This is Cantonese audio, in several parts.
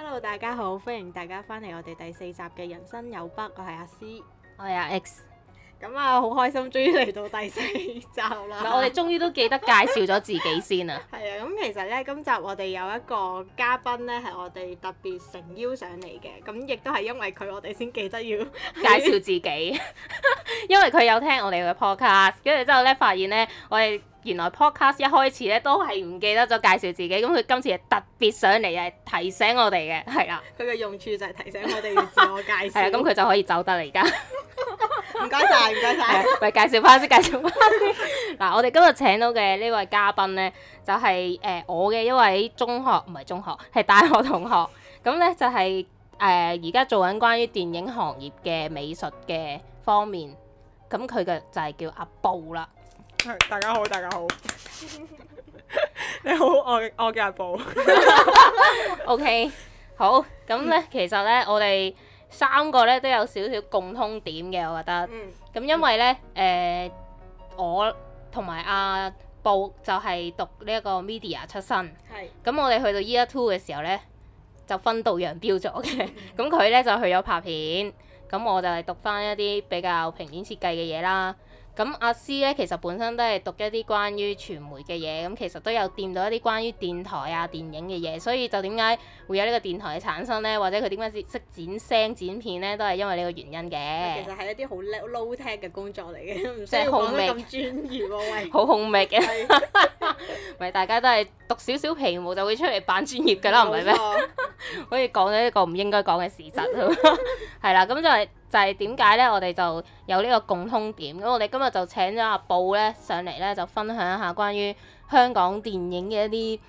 Hello，大家好，歡迎大家翻嚟我哋第四集嘅人生有 BUG，我係阿 C，我係阿 X，咁啊，好、嗯、開心，終於嚟到第四集啦， 我哋終於都記得介紹咗自己先啊。係啊， 咁、嗯、其實咧，今集我哋有一個嘉賓咧，係我哋特別誠邀上嚟嘅，咁亦都係因為佢，我哋先記得要介紹自己， 因為佢有聽我哋嘅 podcast，跟住之後咧，發現咧，我哋。原來 podcast 一開始咧都係唔記得咗介紹自己，咁佢今次係特別上嚟嘅提醒我哋嘅，係啦。佢嘅用處就係提醒我哋要自我介紹、 嗯。係、嗯、啊，咁佢就可以走得嚟。而家唔該晒，唔該晒，咪介紹翻先，介紹翻先。嗱、 嗯，我哋今日請到嘅呢位嘉賓咧，就係、係、誒、呃、我嘅一位中學唔係中學，係大學同學。咁咧就係誒而家做緊關於電影行業嘅美術嘅方面。咁佢嘅就係叫阿布啦。大家好，大家好。 你好，我我叫阿布。O K，好，咁咧，其實咧，我哋三個咧都有少少共通點嘅，我覺得。咁、嗯、因為咧，誒、呃，我同埋阿布就係讀呢一個 media 出身。係是。咁我哋去到 Year Two 嘅時候咧，就分道揚鑣咗嘅。咁佢咧就去咗拍片，咁我就係讀翻一啲比較平面設計嘅嘢啦。咁阿師咧，其實本身都係讀一啲關於傳媒嘅嘢，咁、pues、音 ık 其實都有掂到一啲關於電台啊、電影嘅嘢，所以就點解會有呢個電台嘅產生咧？或者佢點解識剪聲、剪片咧？都係因為呢個原因嘅。其實係一啲好 low tech 嘅工作嚟嘅，唔需要講得咁專業喎。喂，好 humble 嘅，咪大家都係讀少少皮毛就會出嚟扮專業嘅啦，唔係咩？可 以、 like、講咗一個唔應該講嘅事實，係啦，咁就係。 就係點解咧？我哋就有呢個共通點。咁我哋今日就請咗阿布咧上嚟咧，就分享一下關於香港電影嘅一啲誒、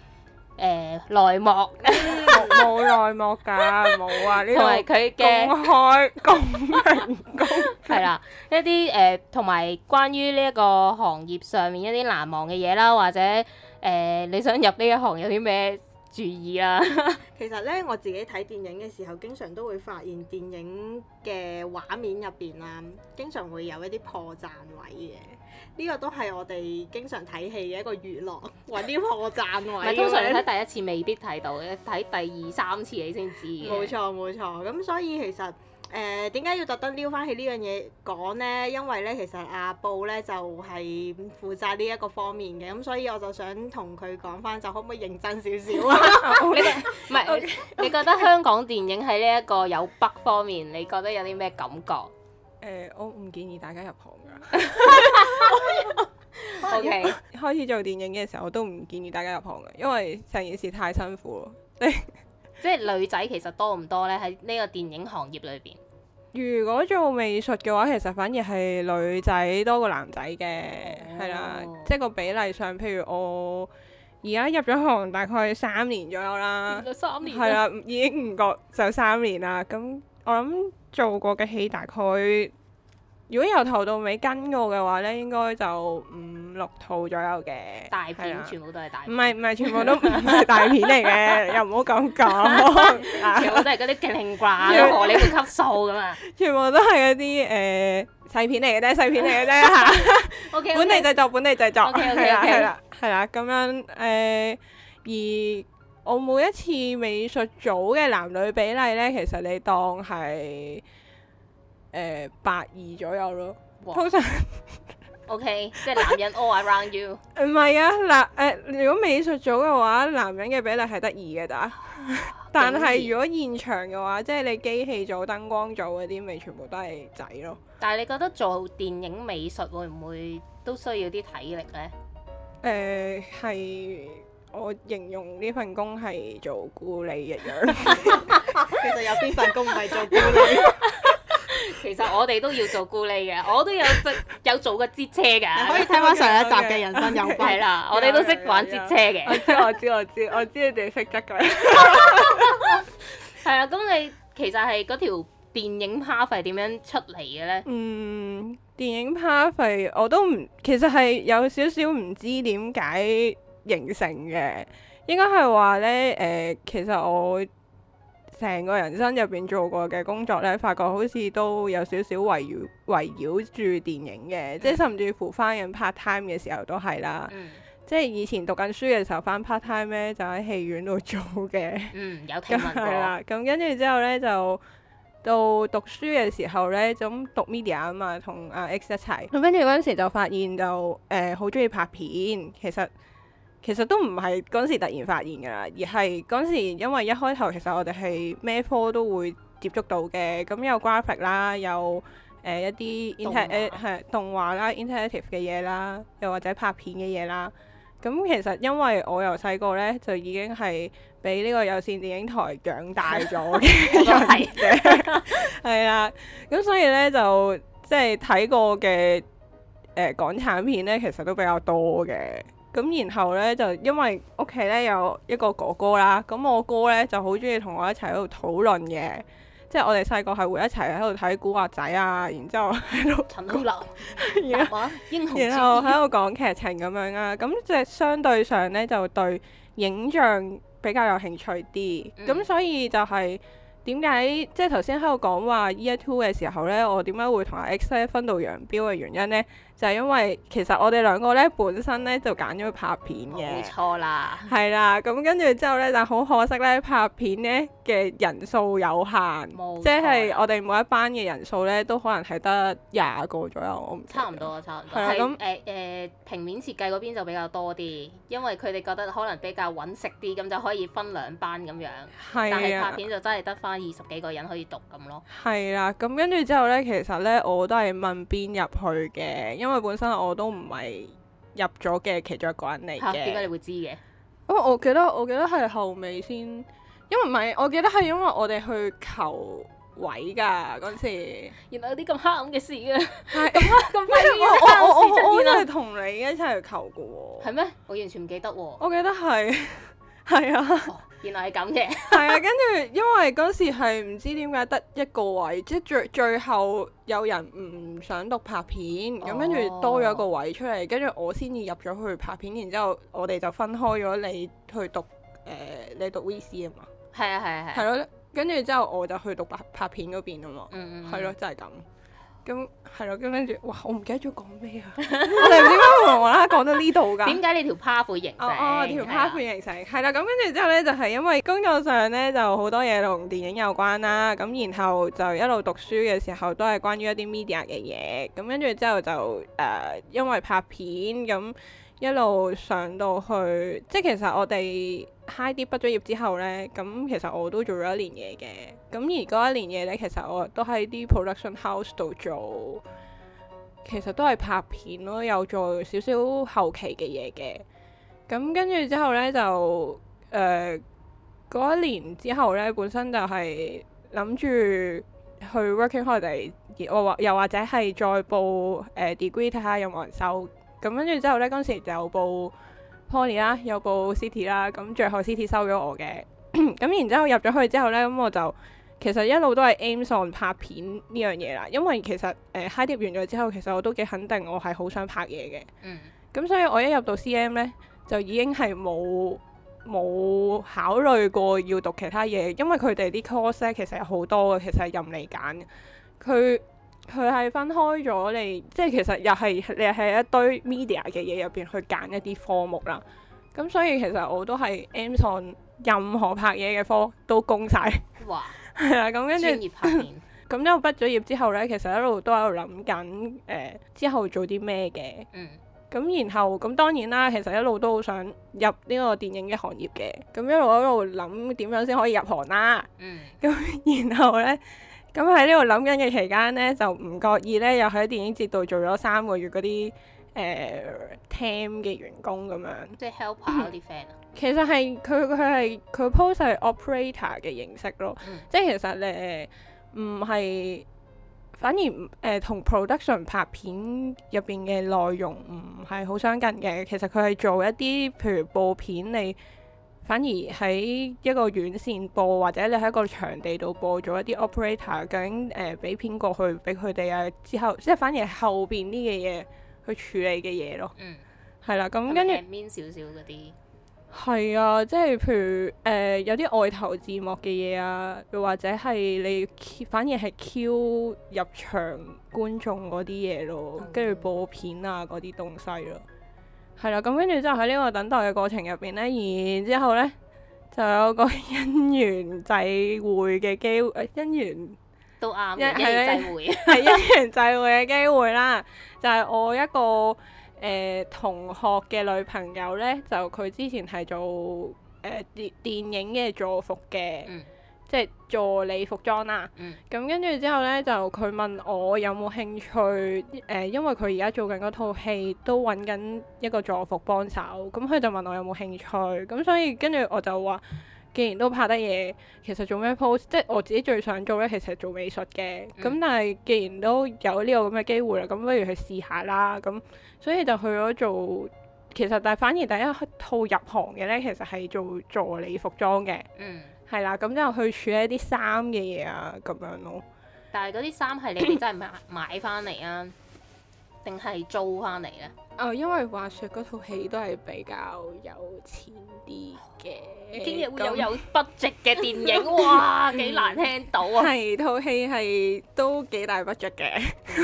呃、內幕。冇 內幕㗎，冇 啊！呢啲，同埋佢嘅公開、公平、公係啦一啲誒，同、呃、埋關於呢一個行業上面一啲難忘嘅嘢啦，或者誒、呃、你想入呢一行有啲咩？注意啊， 其實咧我自己睇電影嘅時候，經常都會發現電影嘅畫面入邊啊，經常會有一啲破綻位嘅。呢個都係我哋經常睇戲嘅一個娛樂，揾啲破綻位。 唔係，通常你睇第一次未必睇到嘅，睇第二三次你先知。冇 錯，冇錯。咁所以其實。誒點解要特登撩翻起呢樣嘢講呢？因為咧其實阿布咧就係、是、負責呢一個方面嘅，咁、嗯、所以我就想同佢講翻，就可唔可以認真少少啊？唔係、okay, okay , okay. 你覺得香港電影喺呢一個有 BUG 方面，你覺得有啲咩感覺？誒、呃，我唔建議大家入行㗎。 OK，開始做電影嘅時候，我都唔建議大家入行嘅，因為成件事太辛苦咯。 即係女仔其實多唔多咧？喺呢個電影行業裏邊，如果做美術嘅話，其實反而係女仔多過男仔嘅，係啦、oh。即係個比例上，譬如我而家入咗行大概三年左右啦，入咗三年係啦，已經唔覺就三年啦。咁我諗做過嘅戲大概。如果由頭到尾跟過嘅話咧，應該就五六套左右嘅大，大，大片，啊全嗯全，全部都係大。唔係唔係，全部都唔係大片嚟嘅，又唔好講咁。全部都係嗰啲勁啩，你荷里活級數㗎嘛。全部都係嗰啲誒細片嚟嘅，啫，係細片嚟嘅啫。係嚇。O K，本地製作，本地製作，係啦係啦係啦，咁、嗯、樣誒、呃。而我每一次美術組嘅男女比例咧，其實你當係。誒，八二左右咯，通常 OK，即係男人 all around you。唔係啊，男誒，如果美術組嘅話，男人嘅比例係得意嘅咋？但係如果現場嘅話，即係你機器組、燈光組嗰啲，咪全部都係仔咯。但係你覺得做電影美術會唔會都需要啲體力咧？誒，係我形容呢份工係做咕喱一樣。其實有邊份工唔係做咕喱？其實我哋都要做咕喱嘅，我都有識 有做過接車嘅。 可以睇翻上一集嘅人生有 BUG。係啦， 我哋都識玩接車嘅。我知我知我知，我知你哋識得㗎。係啊，咁你其實係嗰條電影 part 點樣出嚟嘅咧？嗯，電影 part 我都唔，其實係有少少唔知點解形成嘅，應該係話咧，誒、呃，其實我。成個人生入邊做過嘅工作咧，發覺好似都有少少圍繞圍繞住電影嘅，嗯，即係甚至乎翻緊 part time 嘅時候都係啦。即係以前讀緊書嘅時候翻 part time 咧，就喺戲院度做嘅。嗯，有聽聞過。咁係啦，咁跟住之後咧，就到讀書嘅時候咧，咁讀 media 啊嘛，同阿 X 一齊。咁跟住嗰陣時就發現就誒好中意拍片，其實。其實都唔係嗰時突然發現噶啦，而係嗰時因為一開頭其實我哋係咩科都會接觸到嘅，咁有 graphic 啦，有誒、呃、一啲 inter 誒係動畫、呃、啦 interactive 嘅嘢啦，又或者拍片嘅嘢啦。咁其實因為我由細個咧就已經係俾呢個有線電影台養大咗嘅，係嘅，係啦。咁所以咧就即係睇過嘅誒、呃、港產片咧，其實都比較多嘅。咁然後咧就因為屋企咧有一個哥哥啦，咁我哥咧就好中意同我一齊喺度討論嘅，即係我哋細個係會一齊喺度睇古惑仔啊，然之後喺度尋寶，然後英雄，然後喺度講劇情咁樣啊，咁即係相對上咧就對影像比較有興趣啲，咁、嗯、所以就係、是。點解即係頭先喺度講話 Year Two 嘅時候咧，我點解會同阿 X 分道揚鑣嘅原因咧？就係、是、因為其實我哋兩個咧本身咧就揀咗去拍片嘅，冇錯啦，係啦。咁、嗯、跟住之後咧，但好可惜咧，拍片咧嘅人數有限，即係錯我哋每一班嘅人數咧都可能係得廿個左右，我唔差唔多差唔多係啊。咁誒誒平面設計嗰邊就比較多啲，因為佢哋覺得可能比較揾食啲，咁就可以分兩班咁樣。係啊的，但係拍片就真係得翻二十幾個人可以讀咁咯，係啦、啊，咁跟住之後咧，其實咧我都係問邊入去嘅，因為本身我都唔係入咗嘅其中一個人嚟嘅。點解、啊、你會知嘅？我、啊、我記得，我記得係後尾先，因為唔係，我記得係因為我哋去求位噶嗰次。原來有啲咁黑暗嘅事啊！係咁、 啊，咁 我我我我都係同你一齊去求噶喎、啊。係咩？我完全唔記得喎。我記得係。.係啊， 原來係咁嘅。係啊，跟住因為嗰時係唔知點解得一個位，即係最最後有人唔想讀拍片，咁跟住多咗一個位出嚟，跟住我先至入咗去拍片，然之後我哋就分開咗你去讀誒、呃，你讀 V C 啊嘛。係啊係係。係咯，跟住之後我就去讀拍片邊、oh. 去讀拍片嗰邊啊嘛。嗯，係咯，就係咁。咁係咯，咁跟住，哇！我唔記得咗講咩啊， 我哋唔知無啦啦講到呢度㗎？點解你條趴褲型仔？哦哦，條趴褲型成。係啦了。咁跟住之後咧，就係因為工作上咧就好多嘢同電影有關啦。咁然後就一路讀書嘅時候都係關於一啲 media 嘅嘢。咁跟住之後就誒、呃，因為拍片咁一路上到去，即係其實我哋。high 啲畢咗業之後呢，咁其實我都做咗一年嘢嘅。咁而嗰一年嘢呢，其實我都喺啲 production house 度做，其實都係拍片咯，有做少少後期嘅嘢嘅。咁跟住之後呢，就誒嗰、呃、一年之後呢，本身就係諗住去 working holiday，或又或者係再報誒、呃、degree 睇下有冇人收。咁跟住之後呢，嗰陣時就有報。Poly 啦，有部 City 啦，咁最後 City 收咗我嘅。咁 然之後入咗去之後呢，咁我就其實一路都係 aim on 拍片呢樣嘢啦。因為其實誒、呃、high dip 完咗之後，其實我都幾肯定我係好想拍嘢嘅。咁、嗯、所以我一入到 CM 呢，就已經係冇冇考慮過要讀其他嘢，因為佢哋啲 course 呢，其實好多嘅，其實任你揀。佢佢係分開咗你，即係其實又係你係一堆 media 嘅嘢入邊去揀一啲科目啦。咁所以其實我都係 anyone 任何拍嘢嘅科都供晒。哇！係啊， 咁跟住專業咁之 後畢咗業之後咧，其實一路都喺度諗緊誒之後會做啲咩嘅。嗯。咁然後咁當然啦，其實一路都好想入呢個電影嘅行業嘅。咁一路一路諗點樣先可以入行啦。嗯。咁 然後咧。咁喺呢度諗緊嘅期間呢，就唔覺意呢，又喺電影節度做咗三個月嗰啲誒 team 嘅員工咁樣。即係 help 下啲 friend 其實係佢佢係佢 post 係 operator 嘅形式咯，嗯、即係其實咧唔係反而誒同、呃、production 拍片入邊嘅內容唔係好相近嘅。其實佢係做一啲譬如播片你。反而喺一個院線播，或者你喺一個場地度播咗一啲 operator，究竟誒俾片過去俾佢哋啊？之後即係反而後邊啲嘅嘢去處理嘅嘢咯。嗯，係啦，咁跟住。邊少少嗰啲？係啊，即係譬如誒，有啲外頭字幕嘅嘢啊，又或者係你反而係 Q 入場觀眾嗰啲嘢咯，跟住播片啊嗰啲東西咯。係啦，咁跟住之後喺呢個等待嘅過程入邊呢，然之後呢就有個姻緣際會嘅機會，誒、啊、姻緣都啱對，是姻緣際會係 姻緣際會嘅機會啦。就係、是、我一個誒、呃、同學嘅女朋友呢，就佢之前係做誒電、呃、電影嘅座服嘅。嗯即係助理服裝啦、啊，咁跟住之後呢，就佢問我有冇興趣誒、呃，因為佢而家做緊嗰套戲都揾緊一個助服幫手，咁、嗯、佢就問我有冇興趣。咁、嗯、所以跟住我就話，既然都拍得嘢，其實做咩 pose？即係我自己最想做呢，其實係做美術嘅。咁、嗯嗯、但係既然都有呢個咁嘅機會啦，咁不如去試下啦。咁、嗯、所以就去咗做，其實但係反而第一套入行嘅呢，其實係做助理服裝嘅。嗯係啦，咁就去處理一啲衫嘅嘢啊，咁樣咯。但係嗰啲衫係你哋 真係買買翻嚟啊。定係租翻嚟咧？啊、哦，因為話說嗰套戲都係比較有錢啲嘅，今日會有有 budget 嘅電影， 哇，幾難聽到啊！係套戲係都幾大 budget 嘅。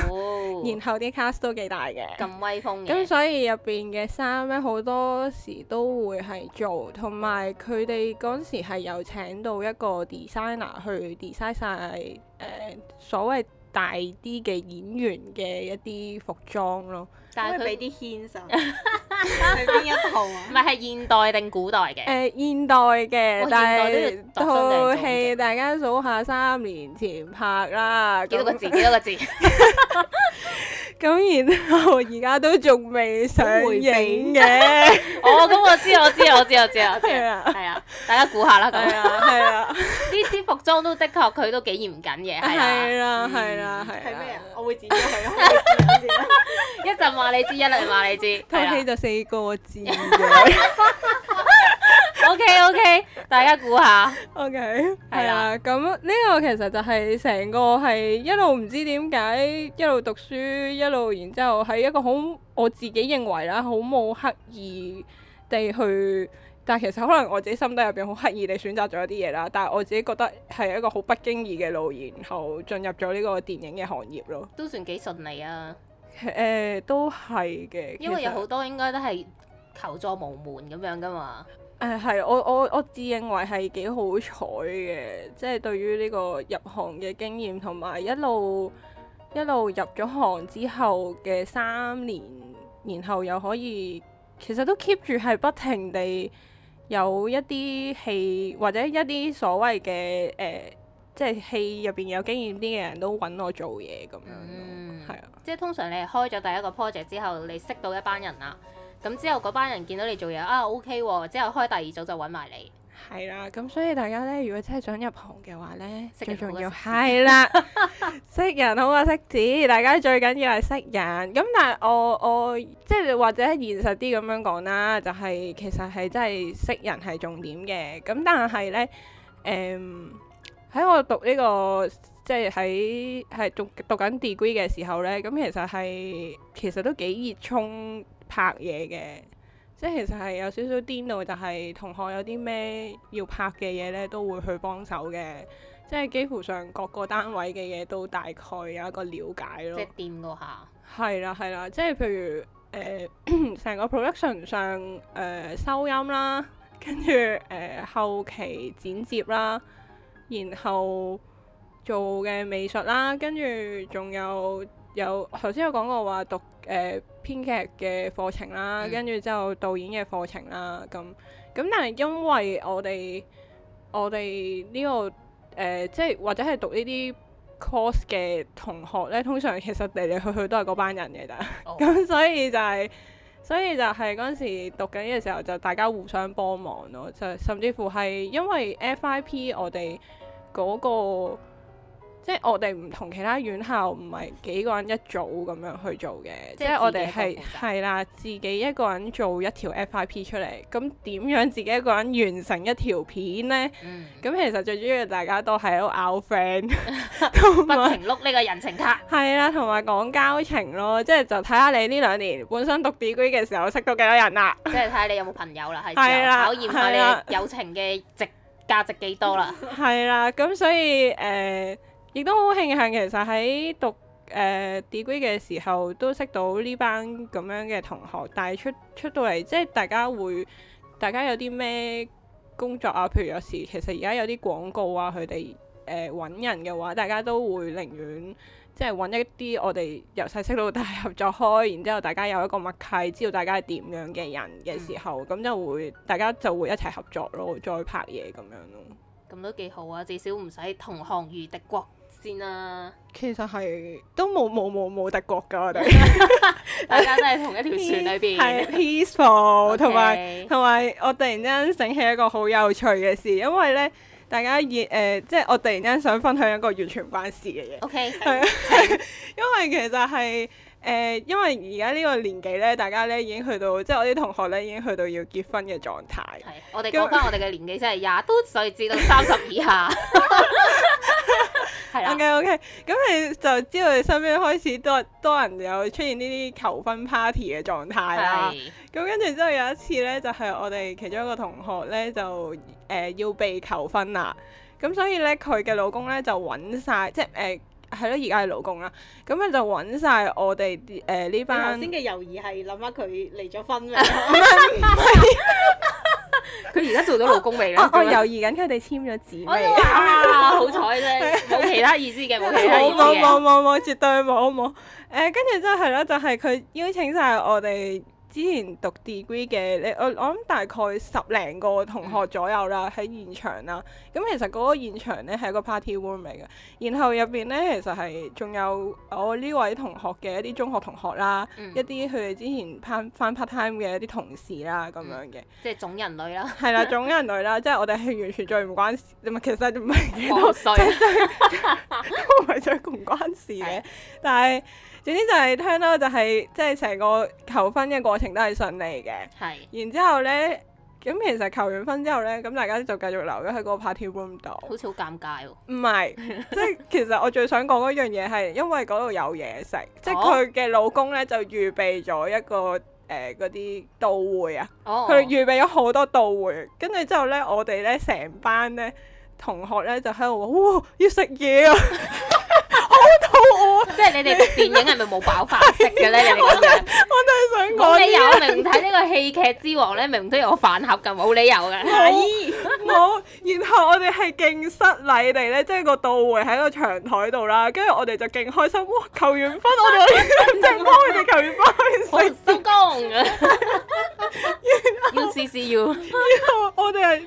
哦、 然後啲 cast 都幾大嘅，咁威風嘅。咁所以入邊嘅衫咧，好多時都會係做，同埋佢哋嗰陣時係有請到一個 designer 去 design 晒誒所謂。大啲嘅演員嘅一啲服裝咯。但係佢俾啲 hint 先，去邊一套啊？唔係係現代定古代嘅？誒現代嘅，但係套戲大家數下三年前拍啦，幾多個字？幾多個字？咁然後而家都仲未上映嘅。哦，咁我知，我知，我知，我知，我知。係啊，大家估下啦，咁樣啦。係啊，呢啲服裝都的確，佢都幾嚴謹嘅。係啦，係啦，係。係咩啊？我會剪咗佢。一陣話，話你知，一律話你知，套戲就四個字。O K O K，大家估下。O K，係啦。咁呢個其實就係成個係一路唔知點解，一路讀書，一路然之後係一個好，我自己認為啦，好冇刻意地去，但係其實可能我自己心底入邊好刻意地選擇咗一啲嘢啦。但係我自己覺得係一個好不經意嘅路，然後進入咗呢個電影嘅行業咯。都算幾順利啊！誒、呃、都係嘅，因為有好多應該都係求助無門咁樣噶嘛。誒係、呃，我我我自認為係幾好彩嘅，即係對於呢個入行嘅經驗同埋一路一路入咗行之後嘅三年，然後又可以其實都 keep 住係不停地有一啲戲或者一啲所謂嘅誒。呃即係戲入邊有經驗啲嘅人都揾我做嘢咁樣，係、嗯、啊。即係通常你開咗第一個 project 之後，你識到一班人啦。咁之後嗰班人見到你做嘢啊 OK、哦、之後開第二組就揾埋你。係啦、啊，咁所以大家呢，如果真係想入行嘅話呢，最重要係啦，識人好過子 識字。 大家最緊要係識人。咁但係我我即係或者現實啲咁樣講啦，就係、是、其實係真係識人係重點嘅。咁但係呢。誒、嗯。 喺我讀呢、這個即係喺係讀讀緊 degree 嘅時候呢，咁其實係其實都幾熱衷拍嘢嘅，即係其實係有少少掂到，就係、是、同學有啲咩要拍嘅嘢呢，都會去幫手嘅，即係幾乎上各個單位嘅嘢都大概有一個了解咯。即係掂過下。係啦係啦，即係譬如成、呃、個 production 上誒、呃、收音啦，跟住誒後期剪接啦。然後做嘅美術啦，跟住仲有有頭先有講過話讀誒、呃、編劇嘅課程啦，跟住之後導演嘅課程啦，咁咁但係因為我哋我哋呢、這個誒、呃、即係或者係讀呢啲 course 嘅同學咧，通常其實嚟嚟去去都係嗰班人嘅咋，咁、oh. 嗯、所以就係、是。所以就係嗰陣時讀緊嘅時候，就大家互相幫忙咯，就甚至乎係因為 FIP 我哋嗰、嗰個。即係我哋唔同其他院校，唔係幾個人一組咁樣去做嘅。即係我哋係係啦，自己一個人做一條 FIP 出嚟。咁點樣自己一個人完成一條片呢？咁、嗯、其實最主要大家都係喺度拗 friend，不停碌呢個人情卡。係啦，同埋講交情咯。即係就睇下你呢兩年本身讀 degree 嘅時候識到幾多人啦。即係睇下你有冇朋友啦，係啦，考驗下你友情嘅值的價值幾多啦。係啦，咁所以誒。呃亦都好慶幸，其實喺讀誒、呃、degree 嘅時候都識到呢班咁樣嘅同學。但係出出到嚟，即係大家會，大家有啲咩工作啊？譬如有時其實而家有啲廣告啊，佢哋誒揾人嘅話，大家都會寧願即係揾一啲我哋由細識到大合作開，然之後大家有一個默契，知道大家係點樣嘅人嘅時候，咁、嗯、就會大家就會一齊合作咯，再拍嘢咁樣咯。咁都幾好啊！至少唔使同行如敵國。先啦，其實係都冇冇冇冇得國㗎，我哋大家都喺同一條船裏邊，係 peaceful，同埋同埋我突然間醒起一個好有趣嘅事，因為咧，大家熱誒，即係我突然間想分享一個完全唔關事嘅嘢。OK，係，因為其實係誒，因為而家呢個年紀咧，大家咧已經去到，即係我啲同學咧已經去到要結婚嘅狀態。係，我哋講翻我哋嘅年紀，真係廿多歲至到三十以下。O K O K，咁你就知道你身邊開始多多人有出現呢啲求婚 party 嘅狀態啦。咁跟住之後有一次咧，就係、是、我哋其中一個同學咧，就誒、呃、要被求婚啦。咁所以咧，佢嘅老公咧就揾晒，即係誒係咯，而家係老公啦。咁佢就揾晒我哋誒呢班先嘅猶豫係諗下佢離咗婚？佢而家做到老公未咧？我猶豫緊佢哋簽咗字未？哇！ 哎、好彩啫，冇 其他意思嘅，冇其冇冇冇冇，絕對冇冇。誒，跟住之後係咯，就係、係、佢邀請晒我哋。之前讀 degree 嘅，你我我諗大概十零個同學左右啦，喺、嗯、現場啦。咁其實嗰個現場咧係一個 party room 嚟嘅，然後入邊咧其實係仲有我呢位同學嘅一啲中學同學啦，嗯、一啲佢哋之前翻 part time 嘅一啲同事啦咁樣嘅。即係、嗯就是、種人類啦。係啦，種人類啦，即係 我哋係完全最唔關事，唔係其實唔係幾多，色 即都係最唔關事嘅，嗯、但係。總之就係聽到，就係即係成個求婚嘅過程都係順利嘅。係是。然之後咧，咁其實求完婚之後咧，咁大家就繼續留咗喺個 party room 度。好似好尷尬喎、哦。唔係是， 即係其實我最想講嗰樣嘢係，因為嗰度有嘢食。即係佢嘅老公咧就預備咗一個誒嗰啲到會啊。佢、oh. 預備咗好多到會，跟住之後咧，我哋咧成班咧同學咧就喺度話：哇，要食嘢啊！ 即係你哋電影係咪冇飽飯食嘅咧？我我真係想講冇理由，我明睇呢個喜劇之王咧，明唔都有個飯盒㗎，冇理由嘅。冇冇，然後我哋係勁失禮地咧，即係個到會喺個長台度啦，跟住我哋就勁開心。哇！求完婚，我哋一陣幫佢哋求完婚。開心收工。要 C C 要？然後我哋係。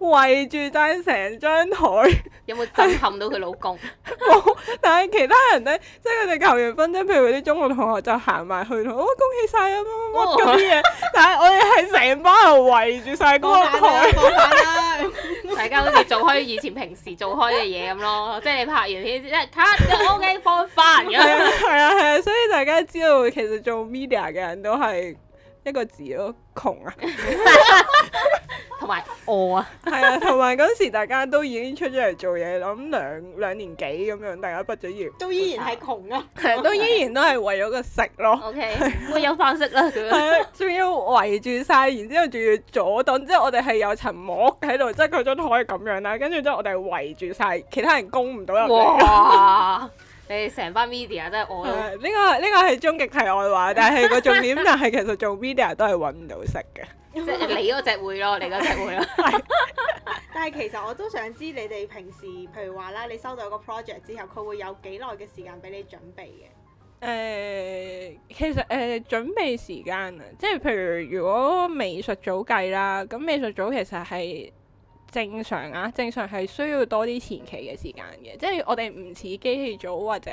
圍住曬成張台，有冇震撼到佢老公？冇， 但係其他人咧，即係佢哋求完婚，即譬如啲中學同學就行埋去，哦，恭喜晒啊！乜乜乜咁啲嘢，但係我哋係成班人圍住晒嗰個台。 大家好似做開以前平時做開嘅嘢咁咯， 即係你拍完先，即係睇下，O K 放飯咁樣。 係啊係啊，所以大家知道其實做 media 嘅人都係。一個字咯，窮啊，同埋餓啊，係啊，同埋嗰時大家都已經出咗嚟做嘢啦，咁兩,兩年幾咁樣，大家畢咗業，都依然係窮啊，係、 啊，都依然都係為咗個食咯，OK，會有飯食啦，係、 啊，仲要圍住晒，然之後仲要阻擋，之後我哋係有層膜喺度，即係佢張枱係咁樣啦，跟住之後我哋圍住晒，其他人攻唔到入嚟。哇你成班 media 真係我呢、嗯呢個呢、呢個係終極題外話，但係個重點就係、是、 其實做 media 都係揾唔到食嘅。即係 你嗰隻會咯，你嗰隻會咯。 但係其實我都想知你哋平時，譬如話啦，你收到一個 project 之後，佢會有幾耐嘅時間俾你準備嘅？誒、呃，其實誒、呃、準備時間啊，即係譬如如果美術組計啦，咁美術組其實係。正常啊，正常係需要多啲前期嘅時間嘅，即係我哋唔似機器組或者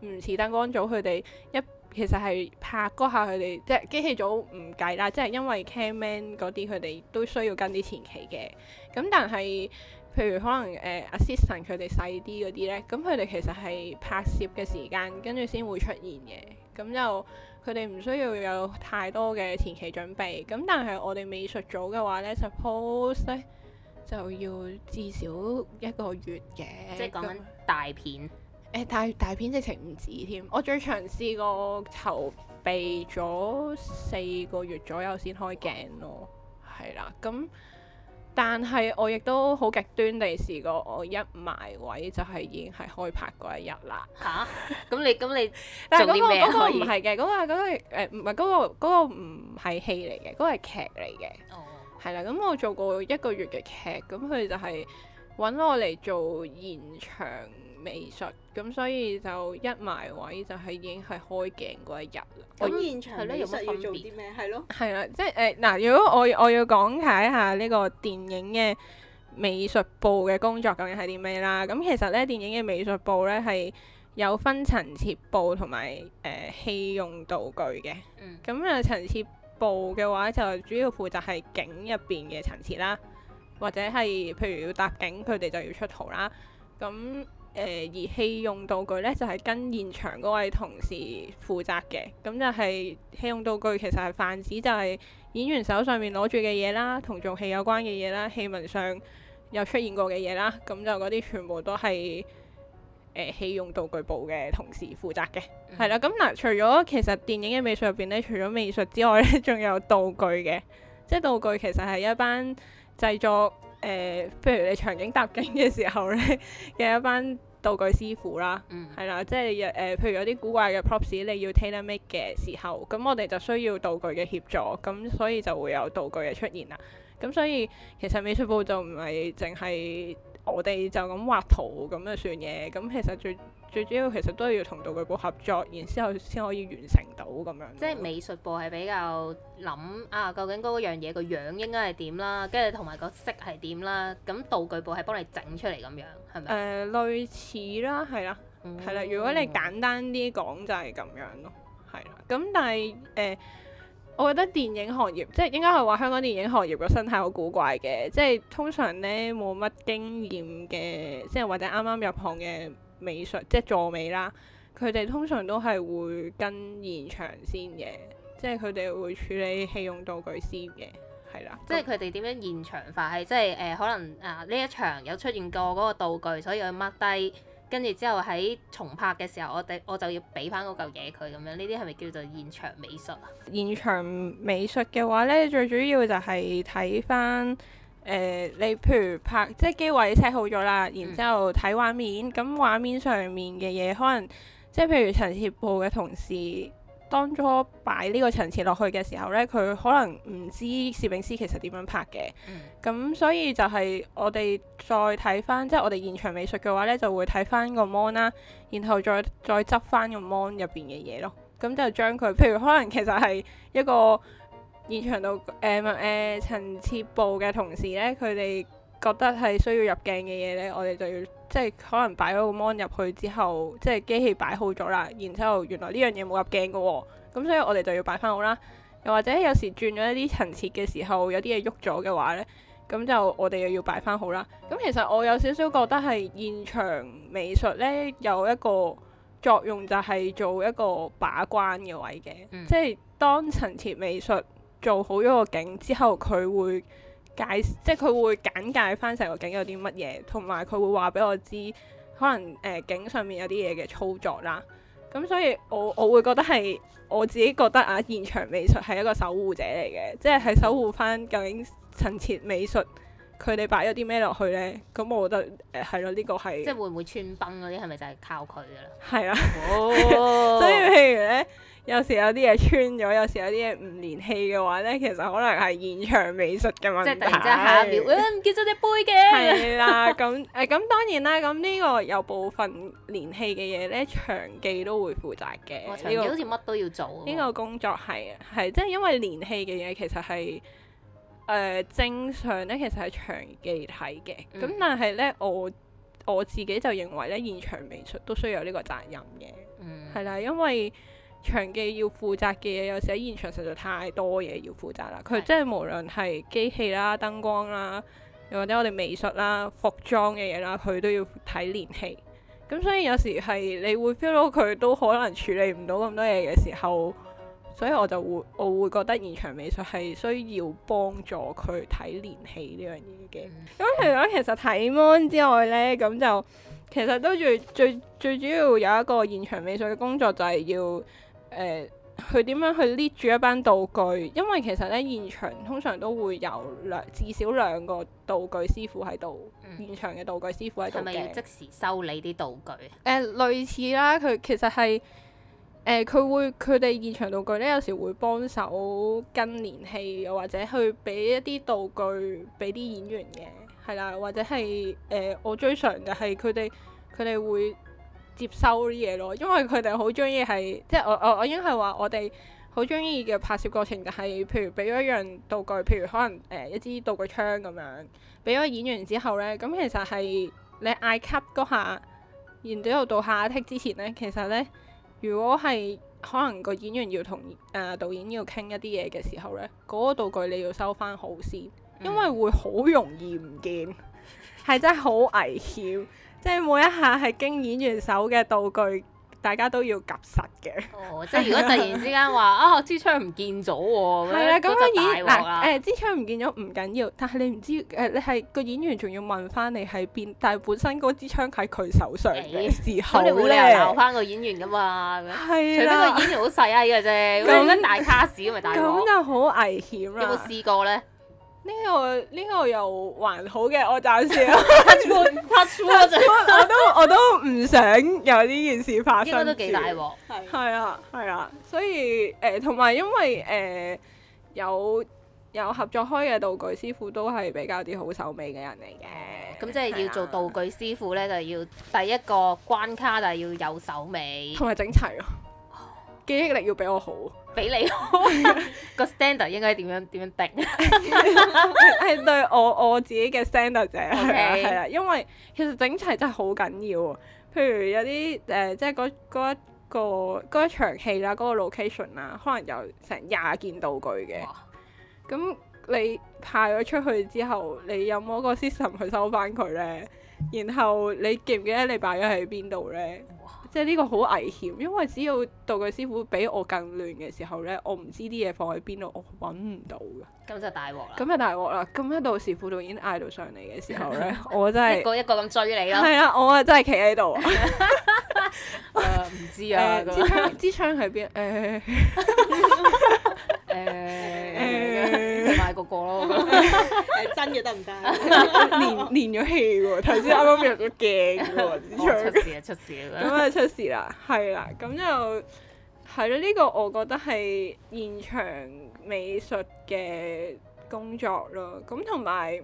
唔似燈光組，佢哋一，其實係拍嗰下佢哋，即係機器組唔計啦，即係因為 cameraman 嗰啲佢哋都需要跟啲前期嘅。咁但係譬如可能誒 assistant 佢哋細啲嗰啲咧，咁佢哋其實係拍攝嘅時間跟住先會出現嘅。咁又佢哋唔需要有太多嘅前期準備。咁但係我哋美術組嘅話咧，suppose 咧。就要至少一個月嘅，即係講緊大片。誒咁、欸、大大片直情唔止添，我最長試過籌備咗四個月左右先開鏡咯，係啦。咁但係我亦都好極端地試過，我一埋位就係已經係開拍嗰一日啦。嚇、啊！咁你咁你做啲咩？唔係嘅，嗰、嗰個嗰唔係嗰個嗰、呃嗰個唔係、嗰個、戲嚟嘅，嗰、嗰個係劇嚟嘅。哦。係啦，咁我做過一個月嘅劇，咁佢就係搵我嚟做現場美術，咁所以就一埋位就係已經係開鏡嗰一日啦。咁那我現場美術的要做啲咩？係咯，係啦，即係誒，嗱、呃，如果我我要講解下呢個電影嘅美術部嘅工作究竟係啲咩啦？咁其實呢，電影嘅美術部呢，係有分陳設部同埋誒戲用道具嘅。嗯，咁啊陳設。部嘅話就主要負責係景入邊嘅層次啦，或者係譬如要搭景，佢哋就要出圖啦。咁誒，戲、呃、戲用道具呢，就係、是、跟現場嗰位同事負責嘅。咁就係、是、戲用道具其實係泛指，就係演員手上面攞住嘅嘢啦，同做戲有關嘅嘢啦，戲文上有出現過嘅嘢啦。咁就嗰啲全部都係。誒，器用道具部嘅同事負責嘅。係啦、mm。咁、hmm. 嗱、啊，除咗其實電影嘅美術入邊咧，除咗美術之外咧，仲有道具嘅。即、就、係、是、道具其實係一班製作誒、呃，譬如你場景搭景嘅時候咧嘅一班道具師傅啦，係啦、mm。即係誒，譬如有啲古怪嘅 props 你要 tailor make 嘅時候，咁我哋就需要道具嘅協助，咁所以就會有道具嘅出現啦。咁所以其實美術部就唔係淨係。我哋就咁畫圖咁就算嘢，咁其實最最主要其實都要同道具部合作，然之後先可以完成到咁樣。即係美術部係比較諗啊，究竟嗰樣嘢個樣應該係點啦，跟住同埋個色係點啦，咁道具部係幫你整出嚟咁樣，係咪？誒、呃，類似啦，係、嗯、啦，係啦、嗯。如果你簡單啲講就係咁樣咯，係啦。咁、嗯、但係誒。嗯呃我覺得電影行業，即係應該係話香港電影行業個生態好古怪嘅，即係通常咧冇乜經驗嘅，即係或者啱啱入行嘅美術，即係助美啦，佢哋通常都係會跟現場先嘅，即係佢哋會處理器用道具先嘅，係啦，即係佢哋點樣現場化係即係誒可能啊呢、呃、一場有出現過嗰個道具，所以佢 mark 低。跟住之後喺重拍嘅時候，我哋我就要俾翻嗰嚿嘢佢咁樣，呢啲係咪叫做現場美術啊？現場美術嘅話呢，最主要就係睇翻誒，你譬如拍即係機位設好咗啦，然之後睇畫面，嗯、咁畫面上面嘅嘢，可能即係譬如陳協部嘅同事。當初擺呢個陳設落去嘅時候呢，佢可能唔知攝影師其實點樣拍嘅，咁、嗯、所以就係我哋再睇翻，即、就、係、是、我哋現場美術嘅話呢就會睇翻個 mon 啦，然後再再執翻個 mon 入邊嘅嘢咯，咁就將佢，譬如可能其實係一個現場度誒誒陳設部嘅同事呢，佢哋覺得係需要入鏡嘅嘢呢，我哋就要。即係可能擺咗個 mon 入去之後，即係機器擺好咗啦。然之後原來呢樣嘢冇入鏡嘅喎，咁所以我哋就要擺翻好啦。又或者有時轉咗一啲陳設嘅時候，有啲嘢喐咗嘅話呢，咁就我哋又要擺翻好啦。咁其實我有少少覺得係現場美術呢，有一個作用，就係做一個把關嘅位嘅，嗯、即係當陳設美術做好咗個景之後，佢會。解即係佢會簡介翻成個景有啲乜嘢，同埋佢會話俾我知可能誒、呃、景上面有啲嘢嘅操作啦。咁、嗯、所以我，我我會覺得係我自己覺得啊，現場美術係一個守護者嚟嘅，即係係守護翻究竟陳設美術佢哋擺咗啲咩落去呢？咁、嗯、我覺得誒係咯，呢、呃呢個係即係會唔會穿崩嗰啲係咪就係靠佢嘅啦？係啊，oh. 所以譬如呢。有時有啲嘢穿咗，有時有啲嘢唔連戲嘅話咧，其實可能係現場美術嘅問題。即係突然之間下一秒，誒唔見咗隻杯嘅。係啦，咁誒咁當然啦，咁呢個有部分連戲嘅嘢咧，長記都會負責嘅、哦。長記好似乜都要做。呢個工作係啊，係即係因為連戲嘅嘢其實係誒、呃、正常咧，其實係長記睇嘅。咁、嗯、但係咧，我我自己就認為咧，現場美術都需要有呢個責任嘅。嗯。係啦，因為。場記要負責嘅嘢，有時喺現場實在太多嘢要負責啦。佢即係無論係機器啦、燈光啦，又或者我哋美術啦、服裝嘅嘢啦，佢都要睇連戲。咁所以有時係你會 feel 到佢都可能處理唔到咁多嘢嘅時候，所以我就會我會覺得現場美術係需要幫助佢睇連戲呢樣嘢嘅。咁除咗其實睇 mon 之外呢，咁就其實都最最最主要有一個現場美術嘅工作就係要。誒，佢點、呃、樣去拎住一班道具？因為其實咧，現場通常都會有兩，至少兩個道具師傅喺度。嗯、現場嘅道具師傅喺度嘅。係咪要即時修理啲道具？誒、呃，類似啦，佢其實係誒，佢、呃、會佢哋現場道具咧，有時會幫手跟連戲，又或者去俾一啲道具俾啲演員嘅，係啦，或者係誒、呃，我最常嘅係佢哋，佢哋會。接收啲嘢咯，因為佢哋好中意係，即係我我我已經係話我哋好中意嘅拍攝過程就係、是，譬如俾咗一樣道具，譬如可能誒、呃、一支道具槍咁樣，俾咗演員之後呢，咁其實係你嗌吸嗰下，然之後到下一剔之前呢。其實呢，如果係可能個演員要同誒、呃、導演要傾一啲嘢嘅時候呢，嗰、那個道具你要收翻好先，因為會好容易唔見，係、嗯、 真係好危險。即係每一下係經演員手嘅道具，大家都要夾實嘅。哦，即、就、係、是、如果突然之間話啊，支槍唔見咗喎，係啦，咁樣演嗱誒，支槍唔見咗唔緊要，但係你唔知誒、呃，你係個演員仲要問翻你喺邊，但係本身嗰支槍喺佢手上嘅時候呢，咁、欸、你冇理由鬧翻個演員噶、啊、嘛？係啦，除非個演員好細嗌嘅啫，講緊大卡士咁咪 大鑊。咁 就好危險啦！有冇試過咧？呢、這個呢、這個又還好嘅，我暫時有，我我都我都唔想有呢件事發生，驚到幾大鑊、啊，係係啊係啊，所以誒、同、呃、埋因為誒、呃、有有合作開嘅道具師傅都係比較啲好手尾嘅人嚟嘅，咁即係要做道具師傅咧，就是、要第一個關卡就係要有手尾，同埋整齊。記憶力要比我好，比給你好個 standard 應該點樣點樣定？係對我我自己嘅 standard 啫，係啊，因為其實整齊真係好緊要。譬如有啲誒、呃，即係嗰、嗰個、一個嗰一、嗰個嗰個、場戲啦，嗰、嗰個 location 啦，可能有成廿件道具嘅。咁哇你派咗出去之後，你有冇一個 system 去收翻佢咧？然後你記唔記得你擺咗喺邊度咧？即係呢個好危險，因為只要道具師傅比我更亂嘅時候咧，我唔知啲嘢放喺邊度，我揾唔到㗎。咁就大鑊啦！咁就大鑊啦！咁到時副導演嗌到上嚟嘅時候咧， 我真係 一個一個咁追你咯。係啊，我啊真係企喺度。誒 唔 、uh, 知啊，uh, 這支槍支槍喺邊？誒。買個個咯，係 真嘅得唔得？練練咗氣喎，頭先啱啱入咗鏡喎， 出事啊 出事啊！咁啊出事啦，係啦，咁就係咯。呢、呢個我覺得係現場美術嘅工作咯。咁同埋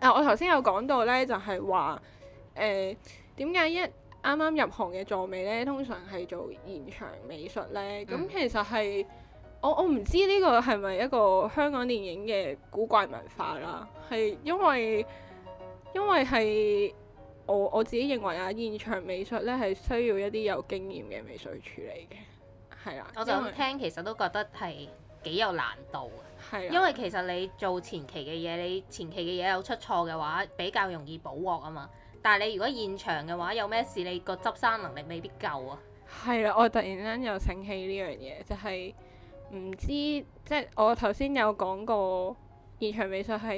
啊，我頭先有講到咧，就係話誒點解一啱啱入行嘅助美咧，通常係做現場美術咧。咁、嗯、其實係。我我唔知呢個係咪一個香港電影嘅古怪文化啦，係因為因為係我我自己認為啊，現場美術呢係需要一啲有經驗嘅美術處理嘅，係啦。我就咁聽其實都覺得係幾有難度嘅，係啦。因為其實你做前期嘅嘢，你前期嘅嘢有出錯嘅話，比較容易補鑊啊嘛。但係你如果現場嘅話，有咩事你個執生能力未必夠啊。係啊，我突然間又醒起呢樣嘢，就係、是。唔知即係我頭先有講過現場美術係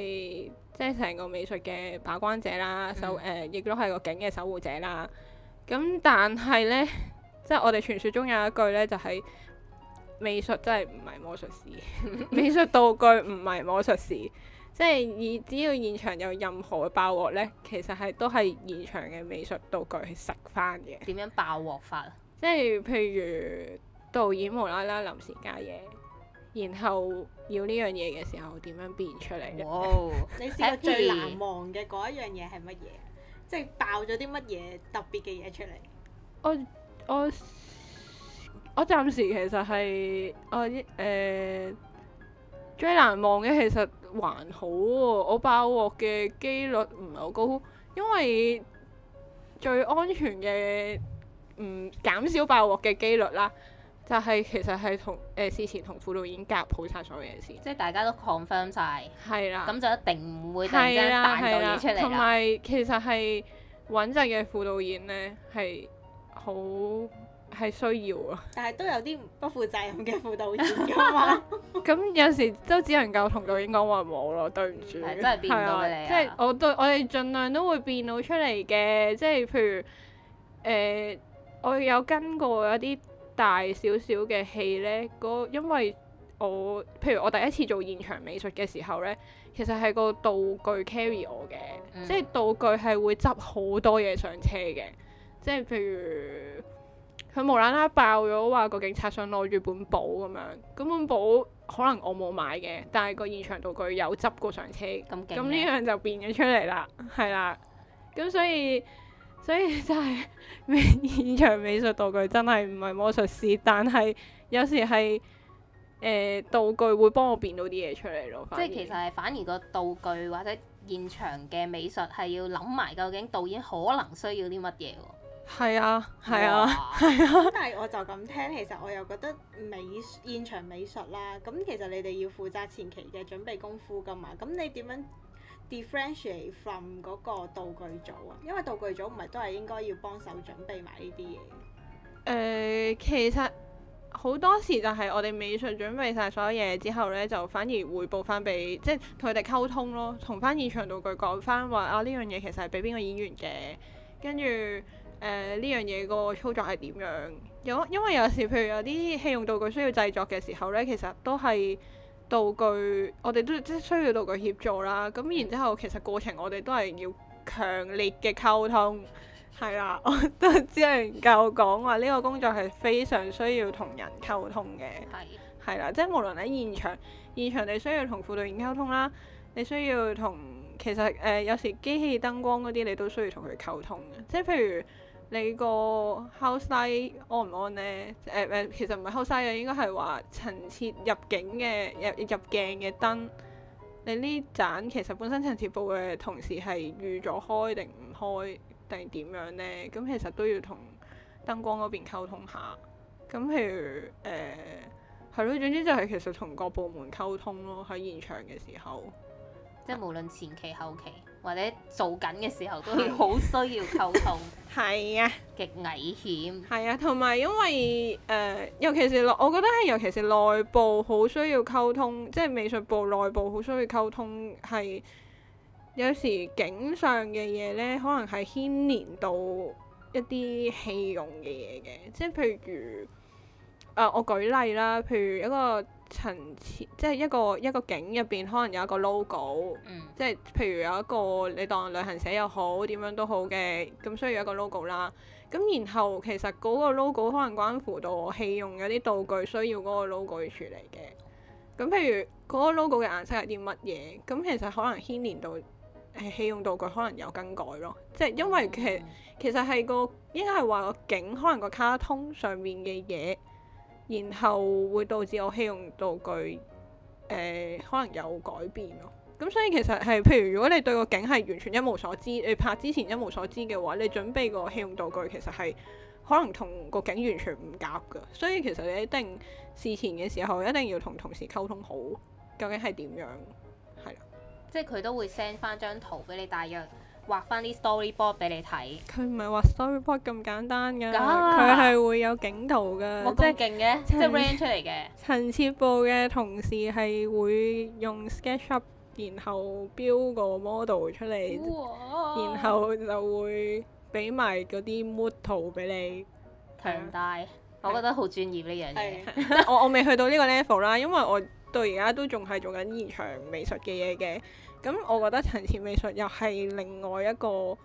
即係成個美術嘅把關者啦，守誒、嗯呃、亦都係個景嘅守護者啦。咁、嗯、但係咧，即係我哋傳説中有一句咧，就係、是、美術真係唔係魔術師， 美術道具唔係魔術師。 即係以只要現場有任何嘅爆鑊咧，其實係都係現場嘅美術道具去食翻嘅。點樣爆鑊法啊？即係譬如。導演無啦啦臨時加嘢，然後要呢樣嘢嘅時候點樣變出嚟？哇、哦！ 你試過最難忘嘅嗰一樣嘢係乜嘢？啊、即係爆咗啲乜嘢特別嘅嘢出嚟？我我我暫時其實係我一、呃、最難忘嘅其實還好喎，我爆鑊嘅機率唔係好高，因為最安全嘅唔減少爆鑊嘅機率啦。就係其實係同誒，之前同副導演夾好晒所有嘢先，即係大家都 confirm 晒，係啦，咁就一定唔會突然間彈，係啦，係啦，出嚟。同埋其實係穩陣嘅副導演咧，係好係需要啊。但係都有啲不負責任嘅副導演㗎嘛。咁有時都只能夠同導演講話冇咯，對唔住、欸，係真係變到你、啊啊、即係我對我哋盡量都會變到出嚟嘅，即係譬如誒、呃，我有跟過一啲。大少少嘅戲呢，嗰因為我，譬如我第一次做現場美術嘅時候呢，其實係個道具 carry 我嘅、嗯，即係道具係會執好多嘢上車嘅，即係譬如佢無啦啦爆咗話個警察想攞住本簿咁樣，咁本簿可能我冇買嘅，但係個現場道具有執過上車，咁呢樣就變咗出嚟啦，係啦，咁所以。所以就係咩現場美術道具真係唔係魔術師，但係有時係誒、呃、道具會幫我變到啲嘢出嚟咯。反而 即係其實係反而個道具或者現場嘅美術係要諗埋究竟導演可能需要啲乜嘢喎？係啊，係啊，係哇啊。但係我就咁聽，其實我又覺得美現場美術啦，咁其實你哋要負責前期嘅準備功夫㗎嘛？咁你點樣？differentiate from 嗰個道具組啊，因為道具組唔係都係應該要幫手準備埋呢啲嘢？誒，其實好多時就係我哋美術準備晒所有嘢之後咧，就反而回報翻俾，即係同佢哋溝通咯，同翻現場道具講翻話啊，呢樣嘢其實係俾邊個演員嘅，跟住誒呢樣嘢個操作係點樣？有因為有時譬如有啲戲用道具需要製作嘅時候咧，其實都係。道具，我哋都即係需要道具協助啦。咁然之後，其實過程我哋都係要強烈嘅溝通，係啦、嗯，我都只能夠講話呢個工作係非常需要同人溝通嘅，係啦、嗯，即係無論喺現場，現場你需要同副導演溝通啦，你需要同其實誒、呃、有時機器燈光嗰啲你都需要同佢溝通嘅，即係譬如。你個烤 e 安唔安咧？誒、呃、誒，其實唔係烤西啊，應該係話陳設入境嘅入入鏡嘅燈。你呢盞其實本身陳設部嘅同時係預咗開定唔開定點樣咧？咁其實都要同燈光嗰邊溝通下。咁譬如誒，係、呃、咯，總之就係其實同各部門溝通咯，喺現場嘅時候，即係無論前期後期。或者做緊嘅時候都好需要溝通，係 是啊，極危險，係啊，同埋因為誒、呃，尤其是我覺得係尤其是內部好需要溝通，即係美術部內部好需要溝通，係有時景上嘅嘢咧，可能係牽連到一啲戲用嘅嘢嘅，即係譬如誒、呃，我舉例啦，譬如一個。層次即係一個一個景入邊，可能有一個 logo，嗯、即係譬如有一個你當旅行社又好，點樣都好嘅，咁需要一個 logo 啦。咁然後其實嗰個 logo 可能關乎到我戲用嗰啲道具需要嗰個 logo 去處理嘅。咁譬如嗰、嗰個 logo 嘅顏色係啲乜嘢？咁其實可能牽連到係戲用道具，可能有更改咯。即係因為其其實係個應該係話個景，可能個卡通上面嘅嘢。然後會導致我戲用道具誒、呃、可能有改變咯。咁所以其實係譬如如果你對個景係完全一無所知，你、呃、拍之前一無所知嘅話，你準備個戲用道具其實係可能同個景完全唔夾㗎。所以其實你一定事前嘅時候一定要同同事溝通好，究竟係點樣係啦。即係佢都會 send 返張圖俾你，大約。畫翻啲 storyboard 俾你睇，佢唔係畫 storyboard 咁簡單㗎，佢係會有景圖㗎，我真係勁嘅，即係 render 出嚟嘅。陳設部嘅同事係會用 SketchUp，然後標個 model 出嚟，然後就會俾埋嗰啲 model 俾你強大，我覺得好專業呢樣嘢。我我未去到呢個 level 啦，因為我到而家都仲係做緊現場美術嘅嘢嘅。咁我覺得陳設美術又係另外一個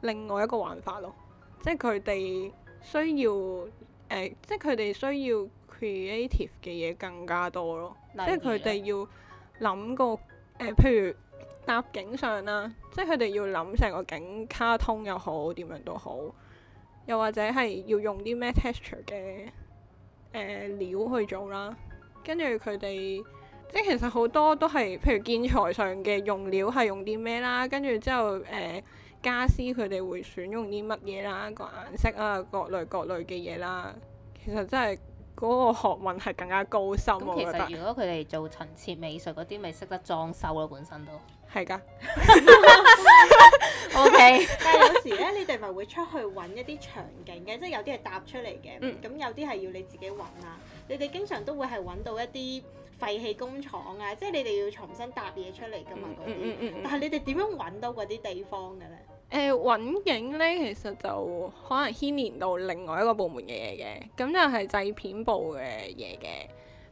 另外一個玩法咯，即係佢哋需要誒、呃，即係佢哋需要 creative 嘅嘢更加多咯，即係佢哋要諗個誒、呃，譬如搭景上啦，即係佢哋要諗成個景卡通又好，點樣都好，又或者係要用啲咩 texture 嘅誒、呃、料去做啦，跟住佢哋。即係其實好多都係，譬如建材上嘅用料係用啲咩啦，跟住之後誒傢俬佢哋會選用啲乜嘢啦，個顏色啊，各類各類嘅嘢啦。其實真係嗰個學問係更加高深喎。咁其實如果佢哋做陳設美術嗰啲，咪識得裝修咯、啊，本身都係㗎。O K，但係有時咧，你哋咪會出去揾一啲場景嘅，即係有啲係搭出嚟嘅，咁、嗯、有啲係要你自己揾啊。你哋經常都會係揾到一啲。廢棄工廠啊，即係你哋要重新搭嘢出嚟㗎嘛？嗰啲、嗯，嗯嗯、但係你哋點樣揾到嗰啲地方嘅咧？誒、呃，揾景咧，其實就可能牽連到另外一個部門嘅嘢嘅，咁就係製片部嘅嘢嘅，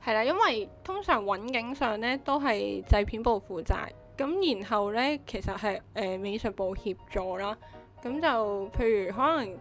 係啦，因為通常揾景上咧都係製片部負責，咁然後咧其實係誒、呃、美術部協助啦，咁就譬如可能